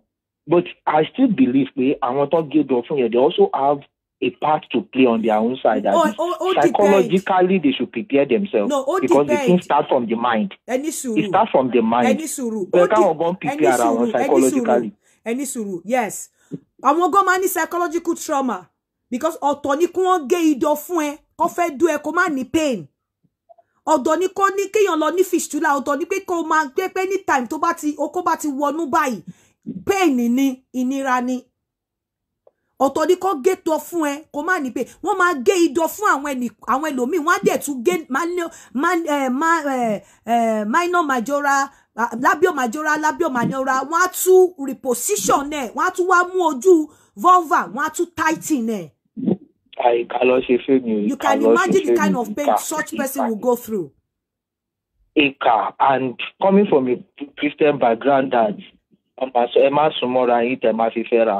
but I still believe pé I want to give fún yẹn they also have a part to play on their own side. Oh, oh, oh, psychologically, depend. they should prepare themselves. No, oh, because depend. the thing starts from the mind. It starts from the mind. Any suru, Bẹ́ẹ̀ káwọn gan prepare any suru. psychologically. Ẹni sùúrù ẹ ní sùúrù yes àwọn gan máa ní psychological trauma because ọ̀tọ̀ ni kí wọ́n gé idọ̀ fún ẹ kó fẹ́ dú ẹ kó má ní pain ọ̀dọ̀ ni kó ní kéèyàn lọ ní fistula ọ̀dọ̀ ni pé kó máa gbé pé ní time tó bá ti okó bá ti wọnú báyìí pain ni ìnira ni ọ̀tọ̀ ni kò gé tọ fún ẹ kò má ní pé wọ́n máa gé idọ fún àwọn ẹlòmíì wọ́n á dẹ̀ tún gé eh, eh, eh, minor majora labio majora labio minora wọ́n á tún reposition ẹ̀ wọ́n á tún wá mú ojú vulva wọ́n á tún tighten ẹ̀. àìká lọ ṣe fẹ́ mi. you can imagine the kind of pain such person will go through. Ìkà and coming from a Christian background that ẹ máa sún mọ́ra yín tẹ̀ máa fi fẹ́ ra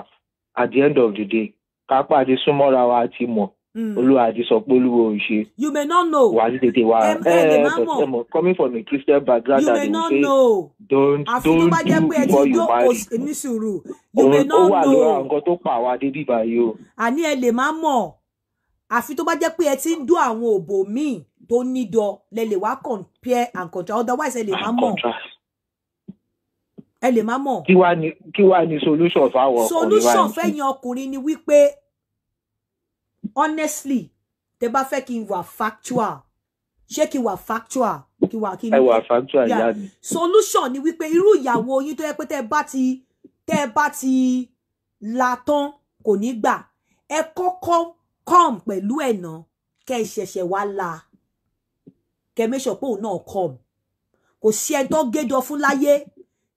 at the end of the day kápá àti súnmọ́ra wa ti mọ̀ hmm. olúwa ti sọ pé olúwo ò ṣe. you may not know. wàá ti tètè wá ẹ ẹ eh, but ẹ coming from a christian background and you say don't don't do before you marry. òun ó wà lóra nǹkan tó you. àwa dé bíbá yìí o. àní ẹ lè má mọ̀ àfi tó bá jẹ́ pé ẹ ti ń dún àwọn òbò míì tó ní lẹ lè wá compare and contrast otherwise ẹ lè má mọ̀. and contrast ẹ lè má mọ̀. kí wàá ní solution fáwọn ọkùnrin wa ní. solution fẹ́yìn ọkùnrin ni wípé honestly tẹ bá fẹ́ kí n wà factual ṣé kí n wà factual kí n wà kí n. wà factual yá ni. solution ni wípé irú ìyàwó yín tó yẹ pé tẹ bá ti tẹ bá ti la tán kò ní gbà ẹ kọ́kọ́ com pẹ̀lú ẹ̀ náà kẹ́ ẹ ṣẹ̀ṣẹ̀ wá la kẹ́ ẹ mẹ́sàn pé òun náà com kò sí ẹni tó géjọ fún láyé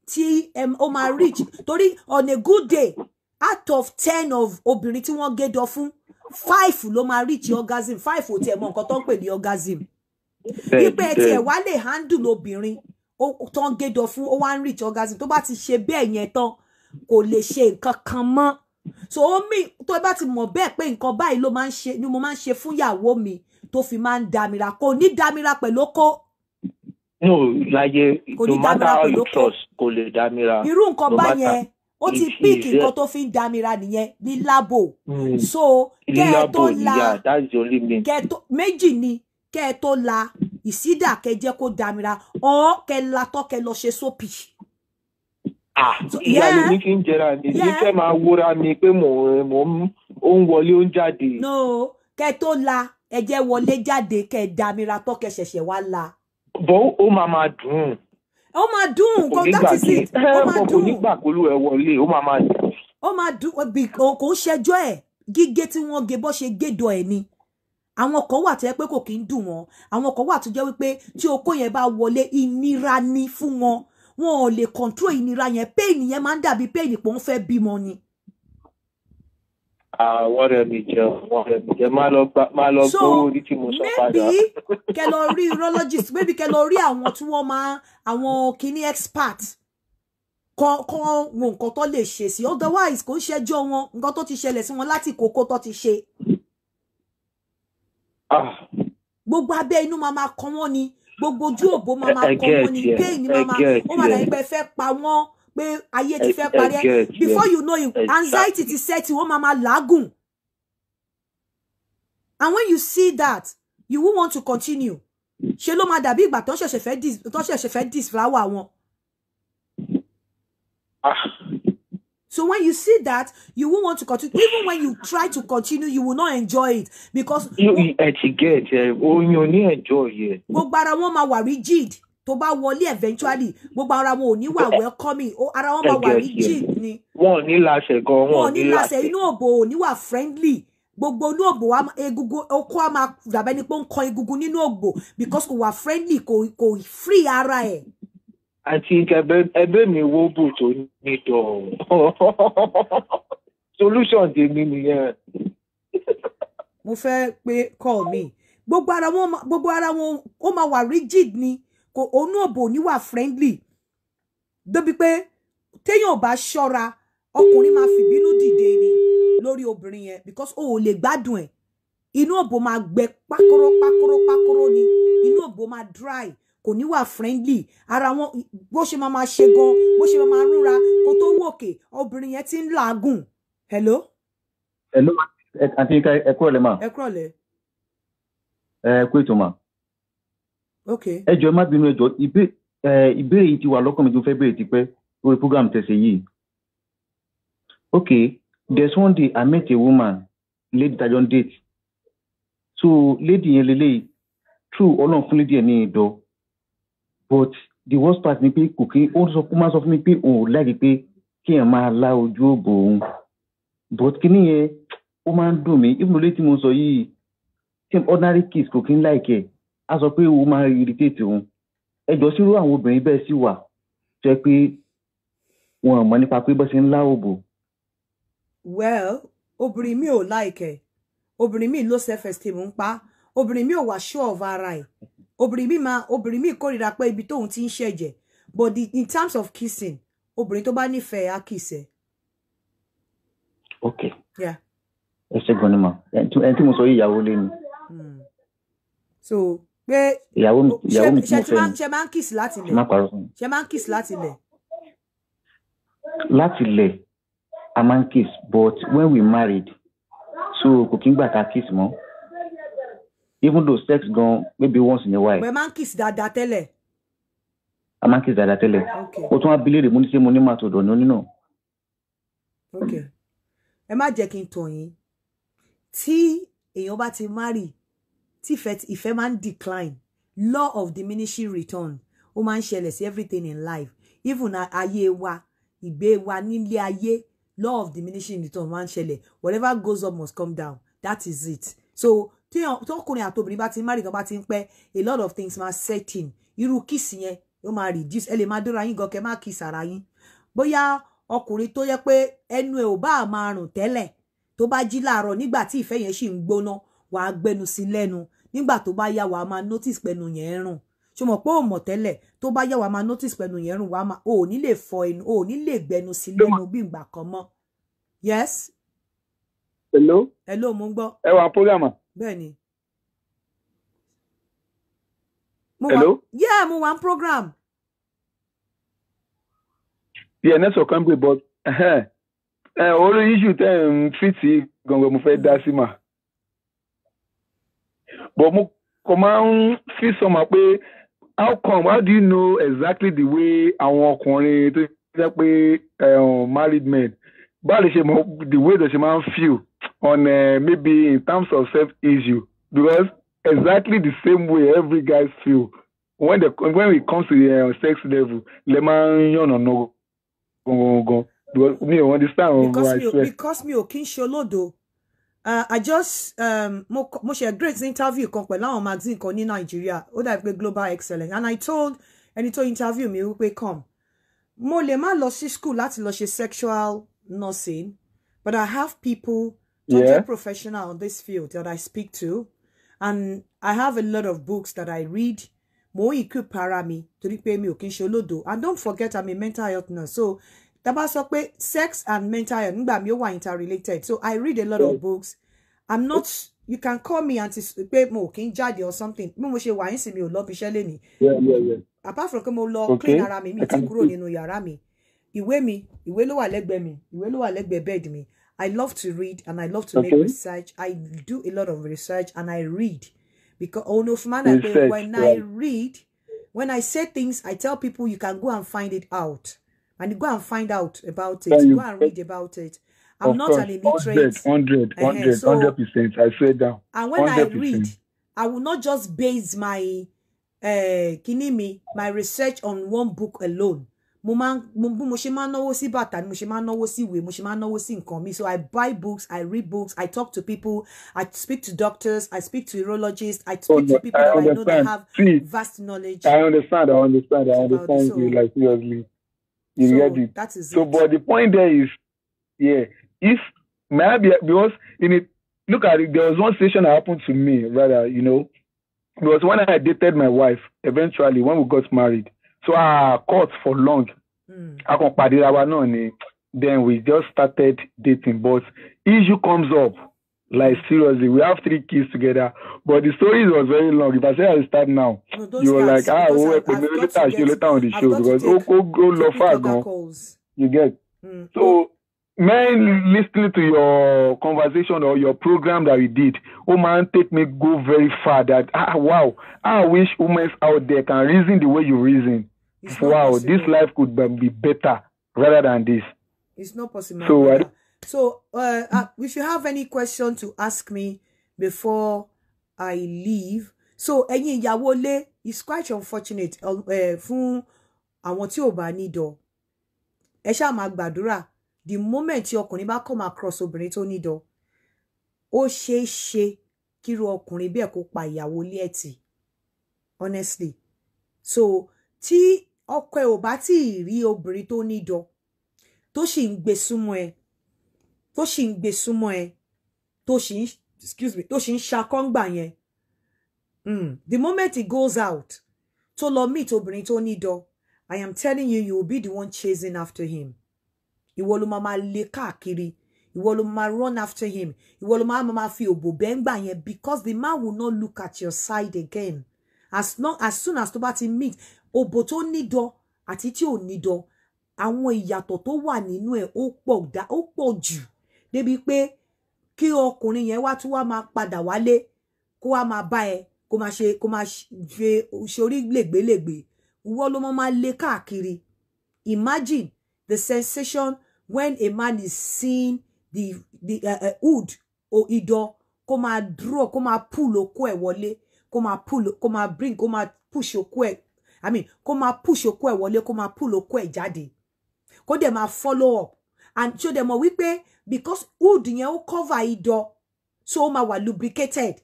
tí O máa reach torí on a good day out of ten of obìnrin tí wọ́n gé dọ fún five ló máa reach orgasm five ò tiẹ̀ mọ nǹkan tó ń pè ní orgasm wípé ẹ tiẹ̀ wá lè handle obìnrin tó ń gé dọ fún ó wá ń reach orgasm tó bá ti ṣe bẹ́ẹ̀ yẹn tán kò lè ṣe nǹkan kan mọ́ so omi tó bá ti mọ̀ bẹ́ẹ̀ pé nǹkan báyìí ló máa ń ṣe ni mo máa ń ṣe fún ìyàwó mi tó fi máa ń damira kò ní damira pẹ̀lú kó no láyé no matter how you trust kò lè dámira. irú nǹkan bá yẹn ó ti píìkì nǹkan tó fi ń dámira nìyẹn ní lábò. Hmm. so kẹ́ ẹ tó la kẹ́ ẹ tó méjì ni kẹ́ ẹ tó la ìsídà kẹ́ jẹ́ kó dámira ọ̀ kẹ́ la tọ́ kẹ́ lọ ṣe sópì. Ah, ìyá mi ní kí n jẹra ni ní kẹ́ máa wúra mi pé mò ń wọlé ó ń jáde. no kẹ́ tó la ẹ jẹ́ wọlé jáde kẹ́ dámira tọ́ kẹ́ ṣẹ̀ṣẹ̀ wá la bọ́ ó máa máa dùn. ó máa dùn that is it ó máa dùn. kò ní gbà kólú ẹ wọlé ó máa máa dùn. ó máa dùn kò ń ṣẹjọ́ ẹ̀ gígé tí wọ́n gé bọ́ ṣe gédọ̀ ẹ̀ ni àwọn kan wà tó yẹ pé kò kí ń dùn wọn àwọn kan wà tó jẹ́ wípé tí okó yẹn bá wọlé ìnira ni fún wọn wọn ò lè control ìnira yẹn pain yẹn máa ń dàbí pain pò ń fẹ́ bímọ ni àwọn ah, rẹ̀ mi jẹun àwọn rẹ̀ mi jẹun máa lọ gbówó orí tí mo sọ padà. so maybe kẹ lọ rí urologist maybe kẹ lọ rí àwọn tí wọ́n máa àwọn kìíní expert kan kan wo nǹkan tó lè ṣe sí otherwise kò ń ṣẹjọ́ wọn nǹkan tó ti ṣẹlẹ̀ sí wọn láti kókó tó ti ṣe. Ah. gbogbo abẹ́ inú máa máa kọ́ wọ́n ni gbogbo ojú òbó máa máa kọ́ wọ́n ni pain máa máa ó máa dàgbẹ́ fẹ́ pa wọ́n pé ayé ti fẹ́ parí ẹ before you know it anxiety ti set you wọ́n máa ma làágùn and when you see that you will want to continue ṣe ló máa dàbí ìgbà tó ṣẹ̀ṣẹ̀ fẹ́ dis tó ṣẹ̀ṣẹ̀ fẹ́ dis flower wọn. Ah. So when you see that, you won't want to continue. Even when you try to continue, you will not enjoy it because you etiquette. Oh, you only enjoy it. Gbogbo ara wọn máa wà rigid tó bá wọlé eventually gbogbo ara wọn ò ní wà welcoming ara wọn máa wà rigid ni. wọn ò ní láṣẹ gan wọn ò ní láṣẹ inú òbò ò ní wà friendly gbogbo inú ògbò wa egungun okó a máa dàbẹ́ ni pé ó ń kan egungun nínú ògbò because kò wà friendly kò kò free ara ẹ̀. àti ẹgbẹ́ mi wo bù tó ní dọ̀ solution tèmi nìyẹn. mo fẹ́ pé call me gbogbo ara wọn ó máa wà rigid ni kò òun náà bò níwà friendly débi pé téèyàn ò bá ṣọ́ra ọkùnrin máa fìbínú dìde ni lórí obìnrin yẹn because o ò lè gbádùn ẹ̀ inú òbò máa gbẹ pákóró pákóró pákóró ni inú òbò máa dry kò ní wà friendly ara wọn bó ṣe máa máa ṣe gan bó ṣe máa máa rúnra kó tó wòkè obìnrin yẹn ti ń làágùn. hello. hello àti ẹ kúrọ̀lẹ́ ma. ẹ kúrọ̀lẹ́. ẹ kú ètò ẹ jọ ẹ má bínú ẹ jọ ìbéèrè yìí ti wà lọ́kàn mi tó fẹ́ béèrè tipẹ́ lórí program tẹ̀sẹ̀ yìí. Okay. there's one day I met a woman lady I tajon date so lady yẹn lélẹ́yìí true ọlọ́run fún lady ẹ̀ ní ìdọ́ but the worst part ni pé kò kí ó sọ kó má sọ fún mi pé òun ò láàyè pé kí ẹ̀ máa la ojú òbò òun but kíní yẹn ó máa ń dùn mí even though létí mo sọ yìí ordinary kiss kò kí ń láìkẹ́ ẹ̀ á sọ pé ó máa irritate òun ẹjọ́ sírú àwọn obìnrin bẹ́ẹ̀ sì wà jẹ́ pé wọn ò mọ̀ nípa pé bó ṣe ń lá òbò. well obìnrin mi ò láìkẹ obìnrin mi ló self esteem pa obìnrin mi ò wá sure of ara ẹ̀ obìnrin mi máa obìnrin mi kórìíra pé ibi tóun ti ń ṣẹ̀jẹ̀ but the, in terms of kissing obìnrin tó bá nífẹ̀ẹ́ á kìsẹ̀. ok ẹ ṣe gan ni mà ẹni tí mo sọ yìí ìyàwó lé ni. Hmm. so pé ìyàwó mi tí mo fẹ́ ni ṣe máa ń kìsì láti ilẹ̀ ṣe máa ń kìsì láti ilẹ̀. láti ilẹ̀ a máa ń kìsì but when we married so kò kí ń gbà ká kìsì mọ́ even though sex gan maybe once in a while. bẹ́ẹ̀ máa ń kìsì dáadáa tẹ́lẹ̀. a máa ń kìsì dáadáa tẹ́lẹ̀ ó tún wá bílẹ̀ rè mú ní ṣé mo ní màtò dọ̀ ní onínà. ok ẹ má jẹ́ kí n tọ̀ yín tí èèyàn bá ti marry Tifet ìfẹ́ máa ń decline law of diminishing return O man ń everything in life even ayé wa ìgbé wa nílé ayé law of diminishing return man ń whatever goes up must come down that is it so tọkùnrin àtobìnrin bá ti ń márì kan bá ti ń a lot of things must setting irú kìsì yẹn ó máa reduce ẹ lè máa dóra yín gan kẹ má kìsì ara yín bóyá ọkùnrin tó yẹ pé ẹnu ẹ ò bá máa rùn tẹ́lẹ̀ tó bá jí láàárọ̀ nígbà tí ìfẹ́ yẹn sì wà á gbẹnu sí lẹ́nu nígbà tó bá yá wà á máa notice pẹnu yẹn rùn ṣe mọ̀ pé ò mọ̀ tẹ́lẹ̀ tó bá yá wà á máa notice pẹnu yẹn rùn wà á máa ò ní lè fọ ẹnu ò ní lè gbẹnu sí lẹ́nu bí ìgbà kan mọ́ yes. hello. hello mo ń gbọ́. ẹ wà program. bẹ́ẹ̀ni. hello. wà yeah mo wà ń program. bí ẹ̀ nẹ́sọ̀ kan gbé bọ́ eh, orí issue tẹ́ ń fìtì gangan mo fẹ́ dá sí mà but mo kò máa ń fi sọmọ pé how come how do you know exactly the way àwọn ọkùnrin tó jẹ́ pé eh, married men báwo ṣe mọ the way that ṣe máa feel on uh, maybe in terms of self issue because exactly the same way every guy feel when the when it comes to the uh, sex level lè máa ń yànnà náà gangan mi ò understand. because mi ò kí ń ṣe olódo uh, I just um, mo, mo ṣe great interview kan pẹ̀lú àwọn magazine kan ní Nigeria. ó dàbí pé global excellence and I told ẹni tó interview mi wípé come mo lè má lọ sí school láti lọ ṣe sexual nursing but I have people tó yeah. professional on this field that I speak to and I have a lot of books that I read mo ń equip ara mi torí pé mi ò kí ń ṣe olódo and don't forget I'm a mental health nurse so tá bá sọ pé sex and mental health nígbà mi ó wà interrelated so i read a lot of books i'm not you can call me anti pé mo kì í jáde or something bí mo ṣe wà yín sì mi ò lọ bí iṣẹ́ lénìí apart from pé mo lọ clean ara mi mi ti kúrò nínú yàrá mi ìwé mi ìwé ló wà lẹ́gbẹ̀ẹ́ mi ìwé ló wà lẹ́gbẹ̀ẹ́ bed mi I love to read and I love to okay. make research. I do a lot of research and I read because oh no, man, when yeah. I read, when I say things, I tell people you can go and find it out and go and find out about it. go and read about it. I'm not course, an illiterate. 100, 100, 100, so, 100%. I swear down. And when 100%. I read, I will not just base my uh, eh, kinimi, my research on one book alone. Mo máa mo ṣe máa náwó sí bàtà ni mo ṣe so I buy books I read books I talk to people I speak to doctors I speak to urologists I oh, speak oh, to people I that understand. I know that have See, vast knowledge. I understand I understand I understand you like seriously. You so get it. That is so, it. but the point there is, yeah, if maybe because in it, look at it. There was one situation that happened to me, rather, you know, because when I dated my wife, eventually when we got married, so I caught for long. Mm. I Then we just started dating, but issue comes up Like mm. seriously, we have three kids together, but the story was very long. If I say I start now, no, you were like, ah, oh, wait, maybe later I show later on the I've show because oh, go, go, lọ far gan. You get. Mm. So, man listening to your conversation or your program that we did, oh man, take me go very far. That ah, wow, I wish women out there can reason the way you reason. It's wow, this life could be better rather than this. It's not possible. So I. So uh, uh, if you have any question to ask me before I leave, so ẹ̀yin ìyàwó ilé is quite unfortunate uh, fún àwọn tí ò bá ní dọ̀ ẹ ṣáà máa gbàdúrà the moment tí ọkùnrin bá come across obìnrin tó ní dọ̀ ó ṣeé ṣe kíru ọkùnrin bẹ́ẹ̀ kó pa ìyàwó ilé ẹ̀ tì honestly so tí ọkọ ẹ ò bá tí ì rí obìnrin tó ní dọ̀ tó sì ń gbé súnmọ́ ẹ tó sì ń gbé súnmọ́ ẹ tó sì ń excuse me tó sì ń ṣakọ́ngbà yẹn hmm, the moment he goes out tó lọ meet obìnrin tó ní dọ I am telling you you will be the one chasing after him ìwọ ló máa máa lé káàkiri ìwọ ló máa run after him ìwọ ló máa máa fi òbò bẹ́ńgbà yẹn because the man will not look at your side again as long as soon as tó bá ti meet òbò tó ní dọ àti tí ò ní dọ àwọn ìyàtọ̀ tó wà nínú ẹ̀ ó pọ̀ jù débi pé kí ọkùnrin yẹn wá tún wá máa padà wálé kó wá máa bá ẹ kó máa ṣe kó máa ṣe ṣorí lègbélègbè wọ́n ló máa lé káàkiri imagine the sensation when a man is seeing the the uh, uh, hood or idọ kó máa draw kó máa pull okó ẹ̀ wọlé kó máa pull kó máa bring kó máa push okó ẹ̀ i mean kó máa push okó ẹ̀ wọlé kó máa pull okó ẹ̀ jáde kó dẹ̀ máa follow up and so dẹ̀ mọ̀ wípé because wood yẹn ó cover ido so ma wa lubricated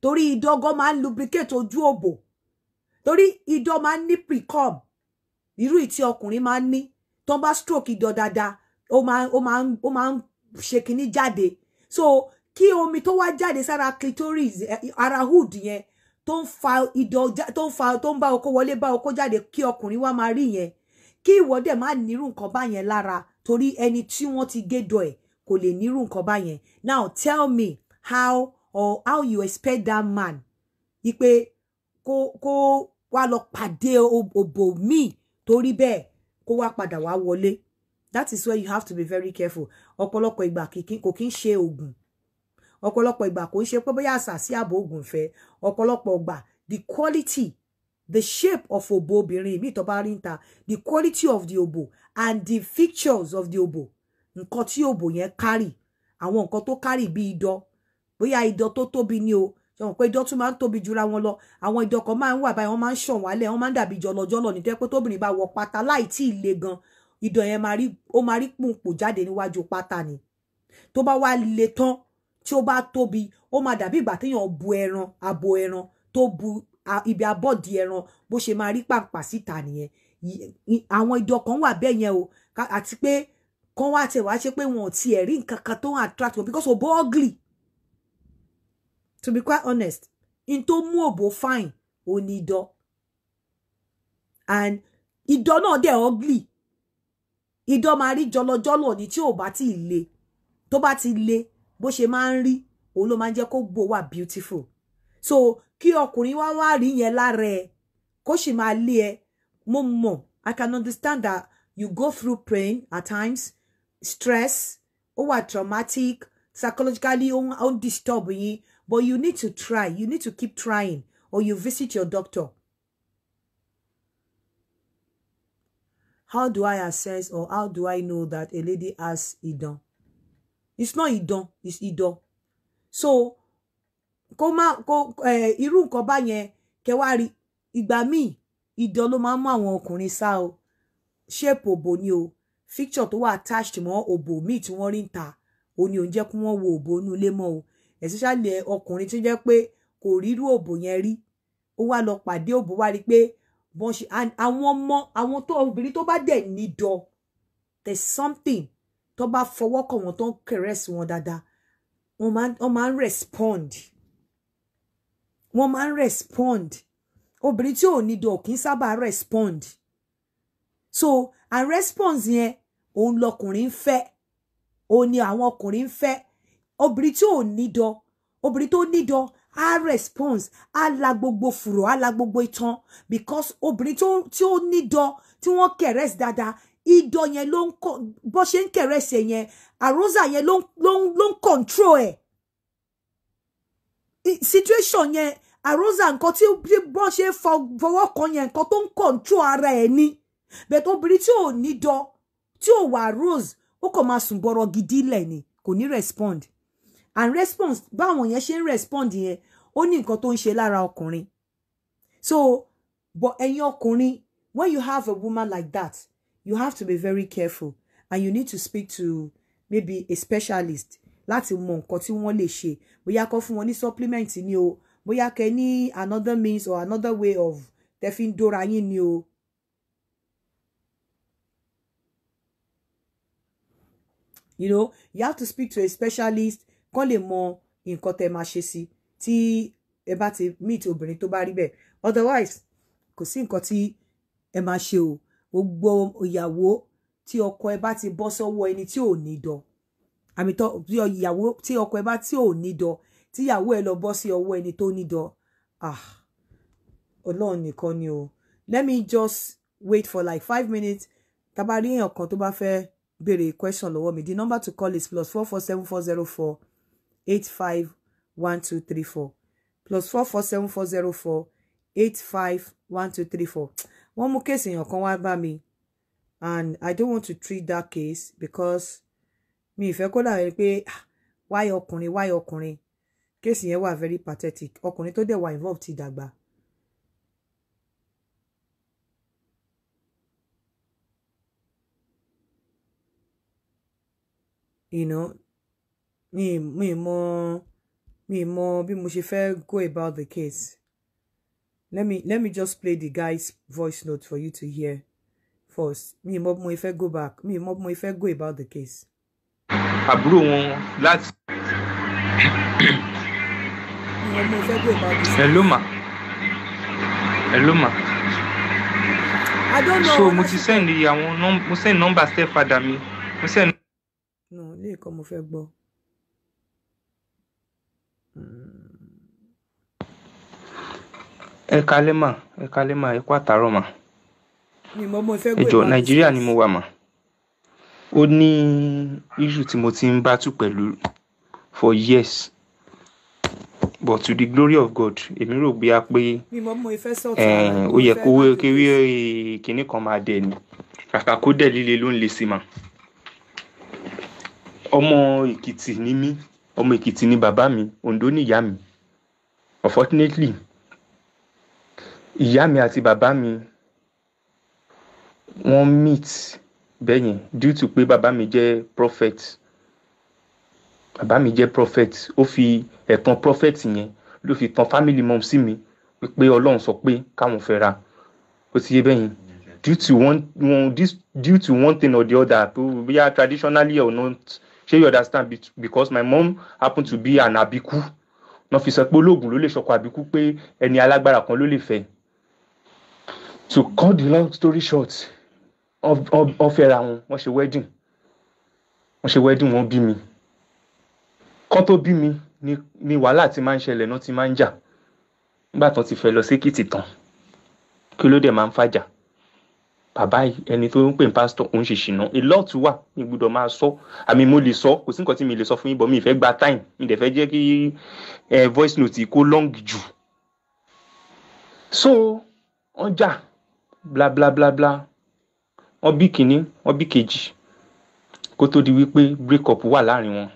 torí ido gan máa lubricate ojú òbò torí idọ máa ń ní precum irú ìtí ọkùnrin máa ń ní tó stroke ido dada o máa o máa o máa ń ni jade. so ki omi tó wá jáde sára clitoris eh, ara hood yẹn tó ń fa idọ tó ń fa tó ń bá okó wọlé bá okó jáde kí wa máa rí yẹn kí ìwọ dẹ̀ má nírú nǹkan báyẹn lára torí ẹni tí wọ́n ti gédọ̀ ẹ̀ kò lè nírú nǹkan báyẹn now tell me how or how you expect that man wípé kó kó wá lọ pàdé òbò míì torí bẹ́ẹ̀ kó wá padà wá wọlé that is where you have to be very careful ọ̀pọ̀lọpọ̀ ìgbà kò kí ń ṣe oògùn ọ̀pọ̀lọpọ̀ ìgbà kò ń ṣe pé bóyá àṣà sí ààbò oògùn ìfẹ́ ọ̀pọ̀lọpọ̀ ìgbà the quality the shape of obo obìnrin mi tó bá rí ń ta the quality of the obo and the features of the obo nǹkan tí òbò yẹn kárì àwọn nǹkan tó kárì bíi idọ bóyá idọ tó tóbi ni o sọ pé idọ tún máa ń tóbi jura wọn lọ àwọn idọ kan máa ń wà báyìí wọn máa ń ṣàn wálẹ̀ wọn máa ń dàbí jọlọjọlọ nítorí pé tóbìnrin bá wọ pátá láì tí ì le gan idọ yẹn máa rí ó máa rí pùnpù jáde níwájú pátá ni tó bá wá le tán tí ó bá tóbi ó máa dàbí ìgbà téèyàn bu ẹran abo ẹran tó bu ibi abọ́dì ẹran bó ṣe máa rí pàǹpà síta nìyẹn àwọn idọ kan wà bẹ́ẹ̀ yẹn o àti pé kan wá tiẹ̀ wá ṣe pé wọn ò tiẹ̀ rí nǹkan kan tó attract wọn because òbó ugly to be quite honest in tó mú òbó fine ò ní idán and idán náà dẹ̀ ugly idán máa rí jolo ní tí ò bá ti le to bá ti le bó ṣe máa ń rí òun ló máa ń jẹ́ kó beautiful so kí ọkùnrin wá wá rí yẹn lára ẹ kó sì máa lé ẹ mo I can understand that you go through pain at times stress ó wà traumatic psychologically ó ń disturb yín but you need to try you need to keep trying or you visit your doctor. How do I assess or how do I know that a lady has idan? It's not idan, it's idan. So, kó má kó eh, irú nǹkan bá yẹn kẹwàá rí ìgbà míì idan ló máa ń mú àwọn ọkùnrin sá o ṣéèpù òbò ni o Fixture tó wà attached mọ́ òbò míì tí wọ́n rí ń ta ó ní òun jẹ́ kí wọ́n wo òbò inú ilé mọ́ o especially ọkùnrin tó jẹ́ pé kò rírú òbò yẹn rí ó wá lọ pàdé òbò wá rí pé bọ́n ṣe àwọn ọmọ àwọn tó obìnrin tó bá dẹ̀ nídọ̀ there's something tó bá fọwọ́ kàn wọ́n tó ń kẹrẹ́sì wọn dáadáa wọ́n máa ń respond wọ́n máa ń respond obìnrin tí ò nídọ̀ kì í sábà respond so and response yẹn òun lọkùnrin ń fẹ́ òun ni àwọn ọkùnrin ń fẹ́ obìnrin tí ò nídọ̀ obìnrin tó nídọ̀ á response a la gbogbo fùrọ̀ á la gbogbo itan because obìnrin tí ó nídọ̀ tí wọ́n kẹ̀rẹ́s dáadáa idọ̀ yẹn ló ń kọ bó ṣe ń kẹ̀rẹ́s yẹn àrósà yẹn ló ń control ẹ̀ situation yẹn àrósà nǹkan tí bó ṣe fọwọ́ kan yẹn nǹkan tó ń control ara ẹ̀ ni bẹ̀tẹ̀ obìnrin tí ò ní dọ tí ò wà rose ó kàn máa sùn bọ̀rọ̀ gidi lẹ̀ ni kò ní respond and response báwọn yẹn ṣe ń respond yẹn ó ní nǹkan tó ń ṣe lára ọkùnrin so but ẹ̀yin ọkùnrin when you have a woman like that you have to be very careful and you need to speak to maybe a specialist láti mọ nǹkan tí wọ́n lè ṣe bóyá kó fún wọn ní supplement ni o bóyá kẹ́ ní another means or another way of tẹ́fí ń dóra yín ni o you know you have to speak to a specialist kó lè mọ nǹkan tẹ́ máa ṣe sí tí ẹ bá ti meet obìnrin tó bá rí bẹ́ẹ̀ otherwise kò sí nǹkan tí ẹ máa ṣe o gbogbo ìyàwó tí ọkọ ẹ bá ti bọ́ sọ́wọ́ ẹni tí ò ní dọ àmì tó ìyàwó tí ọkọ ẹ bá tí ni ní dọ tíyàwó ẹ lọ bọ́ sí ọwọ́ ẹni tó ní dọ ah Ọlọ́run nìkan ni o let me just wait for like five minutes tá bá rí èèyàn kan tó bá fẹ́ẹ́ béèrè question lọ́wọ́ mi the number to call is plus four four seven four zero four eight five one two three four plus four four seven four zero four eight five one two three four wọ́n mú case èèyàn kan wá bá mi and I don't want to treat that case because mi ìfẹ́ kó dàbí pé ah, Why ọkùnrin wáyé ọkùnrin kéèsì yẹn wà very pathetic ọkùnrin tó dẹ̀ wà involved ti dàgbà you know mi mi mọ̀ mi mọ̀ bí mo ṣe fẹ́ go about the case let me let me just play the guy's voice note for you to hear first mi mọ̀ bí mo fẹ́ go back mi mọ̀ bí mo fẹ́ go about the case. àbúrò wọn láti. hello ma hello ma so mo ti send àwọn mo send number step stepfather mi mo send. nù léè kọ́ mo e kalema ẹ kalẹ́ mà ẹ kalẹ́ mà ẹ kó àtàrọ̀ mà. ẹjọ nàìjíríà ni mo wa ma o ni iṣu ti mo ti n batu pelu for years but to the glory of God èmi rò bí a pé o eh, yẹ kó kéwé kínní kan ma dẹ̀ ni kàkà kó dẹ̀ líle ló ń le si ma ọmọ èkìtì ni mí ọmọ èkìtì ni bàbá mi oǹdó ni ìyá mi unfortunately ìyá mi àti bàbá mi wọ́n meet bẹ́yẹn due to pé bàbá mi jẹ́ prophet bàbá mi jẹ́ prophet ó fi ẹ̀tàn prophet yẹn ló fi tan family mom sí mi pé ọlọ́run sọ pé káwọn fẹ́ ra ó ti yé bẹ́yẹn due to one, due to one thing or the other bóyá traditionally or not ṣé you understand because my mom happened to be an abiku wọ́n fi sọ pé olóògùn ló lè ṣọkọ àbíkú pé ẹni alágbára kan ló lè fẹ́ to cut the long story short wọ́n fẹ́ra wọn wọ́n ṣe wedding wọ́n ṣe wedding wọ́n bí mi kán tó bí mi ni wàhálà ti máa ń ṣẹlẹ̀ náà ti máa ń jà nígbà tán ti fẹ́ lọ sí èkìtì tán kí ló dé máa ń fàjà bàbá ẹni tó ń pè ní pásítọ̀ òun ṣèṣì náà a lot wà ní gbọ́dọ̀ máa sọ àmì mo lè sọ kò sí nǹkan tí mi lè sọ fún yín bọ́ mi ìfẹ́ gba time mi dẹ̀ fẹ́ jẹ́ kí voice note kó long jù so ọjà bla bla bla bla wọ́n bí kínní wọ́n bí kejì kó tó di wípé break up wà láàrin wọn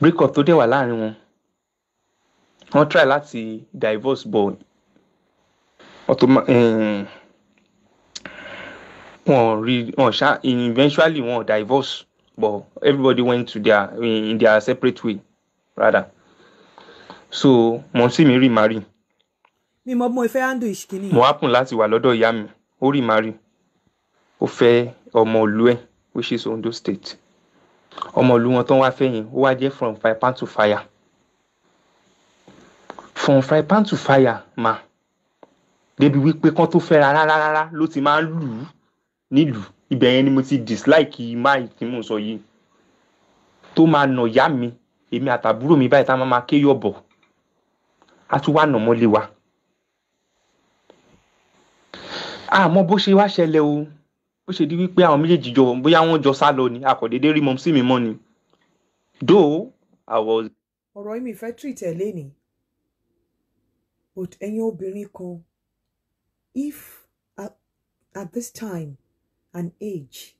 break up tó dẹ̀ wà láàrin wọn wọ́n try láti divorce boy wọ́n tó máa wọn rí wọn ṣá eventually wọn divorce but everybody went to their in their separate way rather so mo sì mi remarry. mi mọ mo fẹ́ handle ìṣìkìní. mo happen láti wà lọ́dọ̀ ìyá mi ó remarry ó fẹ́ ọmọ ẹ̀ which is Ondo State ọmọ ìlú wọn tán wá fẹ́yìn ó wá jẹ́ from fry pan to fire from fry pan to fire ma débi wípé kán tó fẹ́ra rárá rárá ló ti máa ń lù ú nílùú ibẹ̀ yẹn ni mo ti dislike máì tí mò ń sọ yìí tó máa nà ìyá mi èmi àtàbúrò mi báyìí tá a máa kéyọ̀ bọ̀ a tún wá nà mọ́lé wa. àmọ́ bó ṣe wá ṣẹlẹ̀ o bó ṣe di wípé àwọn méjèèjì jọ bóyá wọ́n jọ sá lọ ni a kò dédé rí mi mọ́ ni though I was. ọ̀rọ̀ yìí mi fẹ́ tù ìtẹ̀lé ni but ẹ̀yin obìnrin kan if at, at this time an age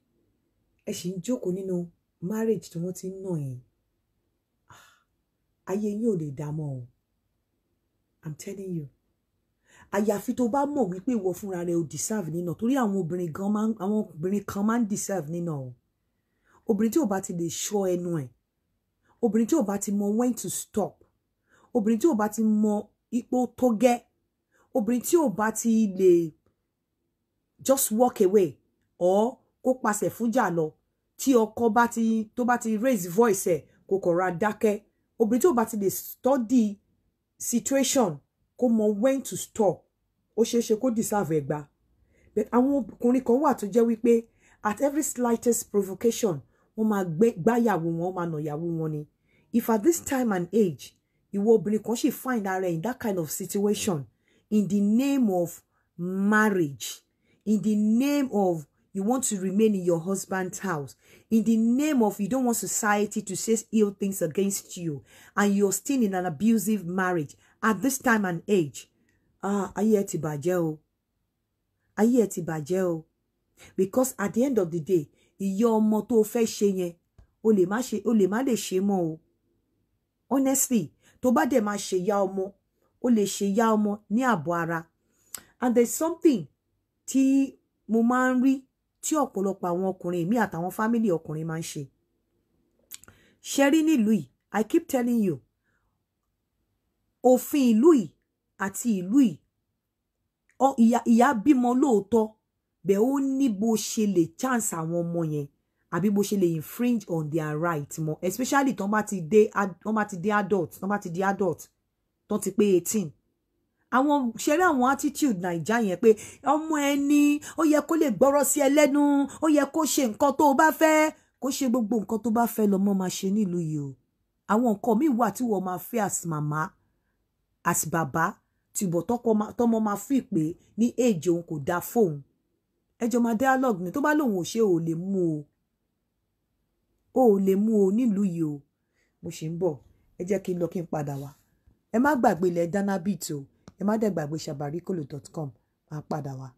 ẹ sì ń jókòó nínú marriage tí wọ́n ti ń nà yín ah, ayé yín ò lè dá o i'm telling you àyàfi tó bá mọ̀ wípé ìwọ fúnra rẹ ò deserve nínà torí àwọn obìnrin kan máa ń àwọn obìnrin kan máa ń deserve nínà o obìnrin tí ò bá ti lè ṣọ́ ẹnu ẹ̀ obìnrin tí ò bá ti mọ when to stop obìnrin tí ò bá ti mọ ipò tó gẹ́ obìnrin tí ò bá ti lè just walk away or kó pàṣẹ fújà lọ tí ọkọ bá ti tó bá ti raise voice ẹ̀ kó kọ̀ra dákẹ́ obìnrin tí bá ti lè study situation kó mọ when to stop ó ṣeé ṣe kó deserve ẹ̀gbà but àwọn ọkùnrin kan wà tó jẹ́ wípé at every slightest provocation wọ́n máa gbáyàwó wọn wọ́n máa nàyàwó wọn ni if at this time and age ìwọ obìnrin kan sì find ara in that kind of situation in the name of marriage in the name of You want to remain in your husband's house. In the name of you don't want society to say ill things against you. And you're still in an abusive marriage at this time and age. Ah, ayé ti bàjẹ́ o. Because at the end of the day, ìyá ọmọ tó o fẹ́ o lè má ṣe o lè má lè ṣe mọ́ o. Honestly, tó bá dẹ̀ máa ṣe ìyá ọmọ, o lè ṣe ìyá ọmọ ní ààbò ara. And there's something ti mo máa ń tí ọ̀pọ̀lọpọ̀ àwọn ọkùnrin mi àtàwọn fámìlì ọkùnrin máa ń ṣe ṣe rí nílùú yìí i keep telling you òfin ìlú yìí àti ìlú yìí ìyá bímọ lóòótọ́ bẹ́ẹ̀ ó ní bó ṣe lè chance àwọn ọmọ yẹn àbí bó ṣe lè infringe on their right mọ́ especially tọ́n bá ti dé tọ́n bá ti dé adult tọ́n bá ti di adult tọ́n ti pé eighteen àwọn ṣeré àwọn attitude naija yẹn pé ọmọ ẹni ó yẹ kó lè gbọ́rọ̀ sí ẹlẹ́nu ó yẹ kó ṣe nǹkan tó o bá fẹ́ kó ṣe gbogbo nǹkan tó bá fẹ́ lọ́mọ máa ṣe nílùú yìí o àwọn nǹkan míì wà tí wọ́n máa fẹ́ as màmá as bàbá tìbọ̀ tọmọ máa fi pé ní èjì òun kò dáa fóun ẹjọ́ máa dialogue ni tó bá lòun ò ṣe ò lè mú o ò lè mú o nílùú yìí o mo ṣe ń bọ̀ ẹ jẹ́ kí n lọ kí n padà wá ẹ má gbàgbé ilẹ̀ dánábìtì o ẹ má dẹ̀ gbàgbé shabarikolo dot com máa padà wá.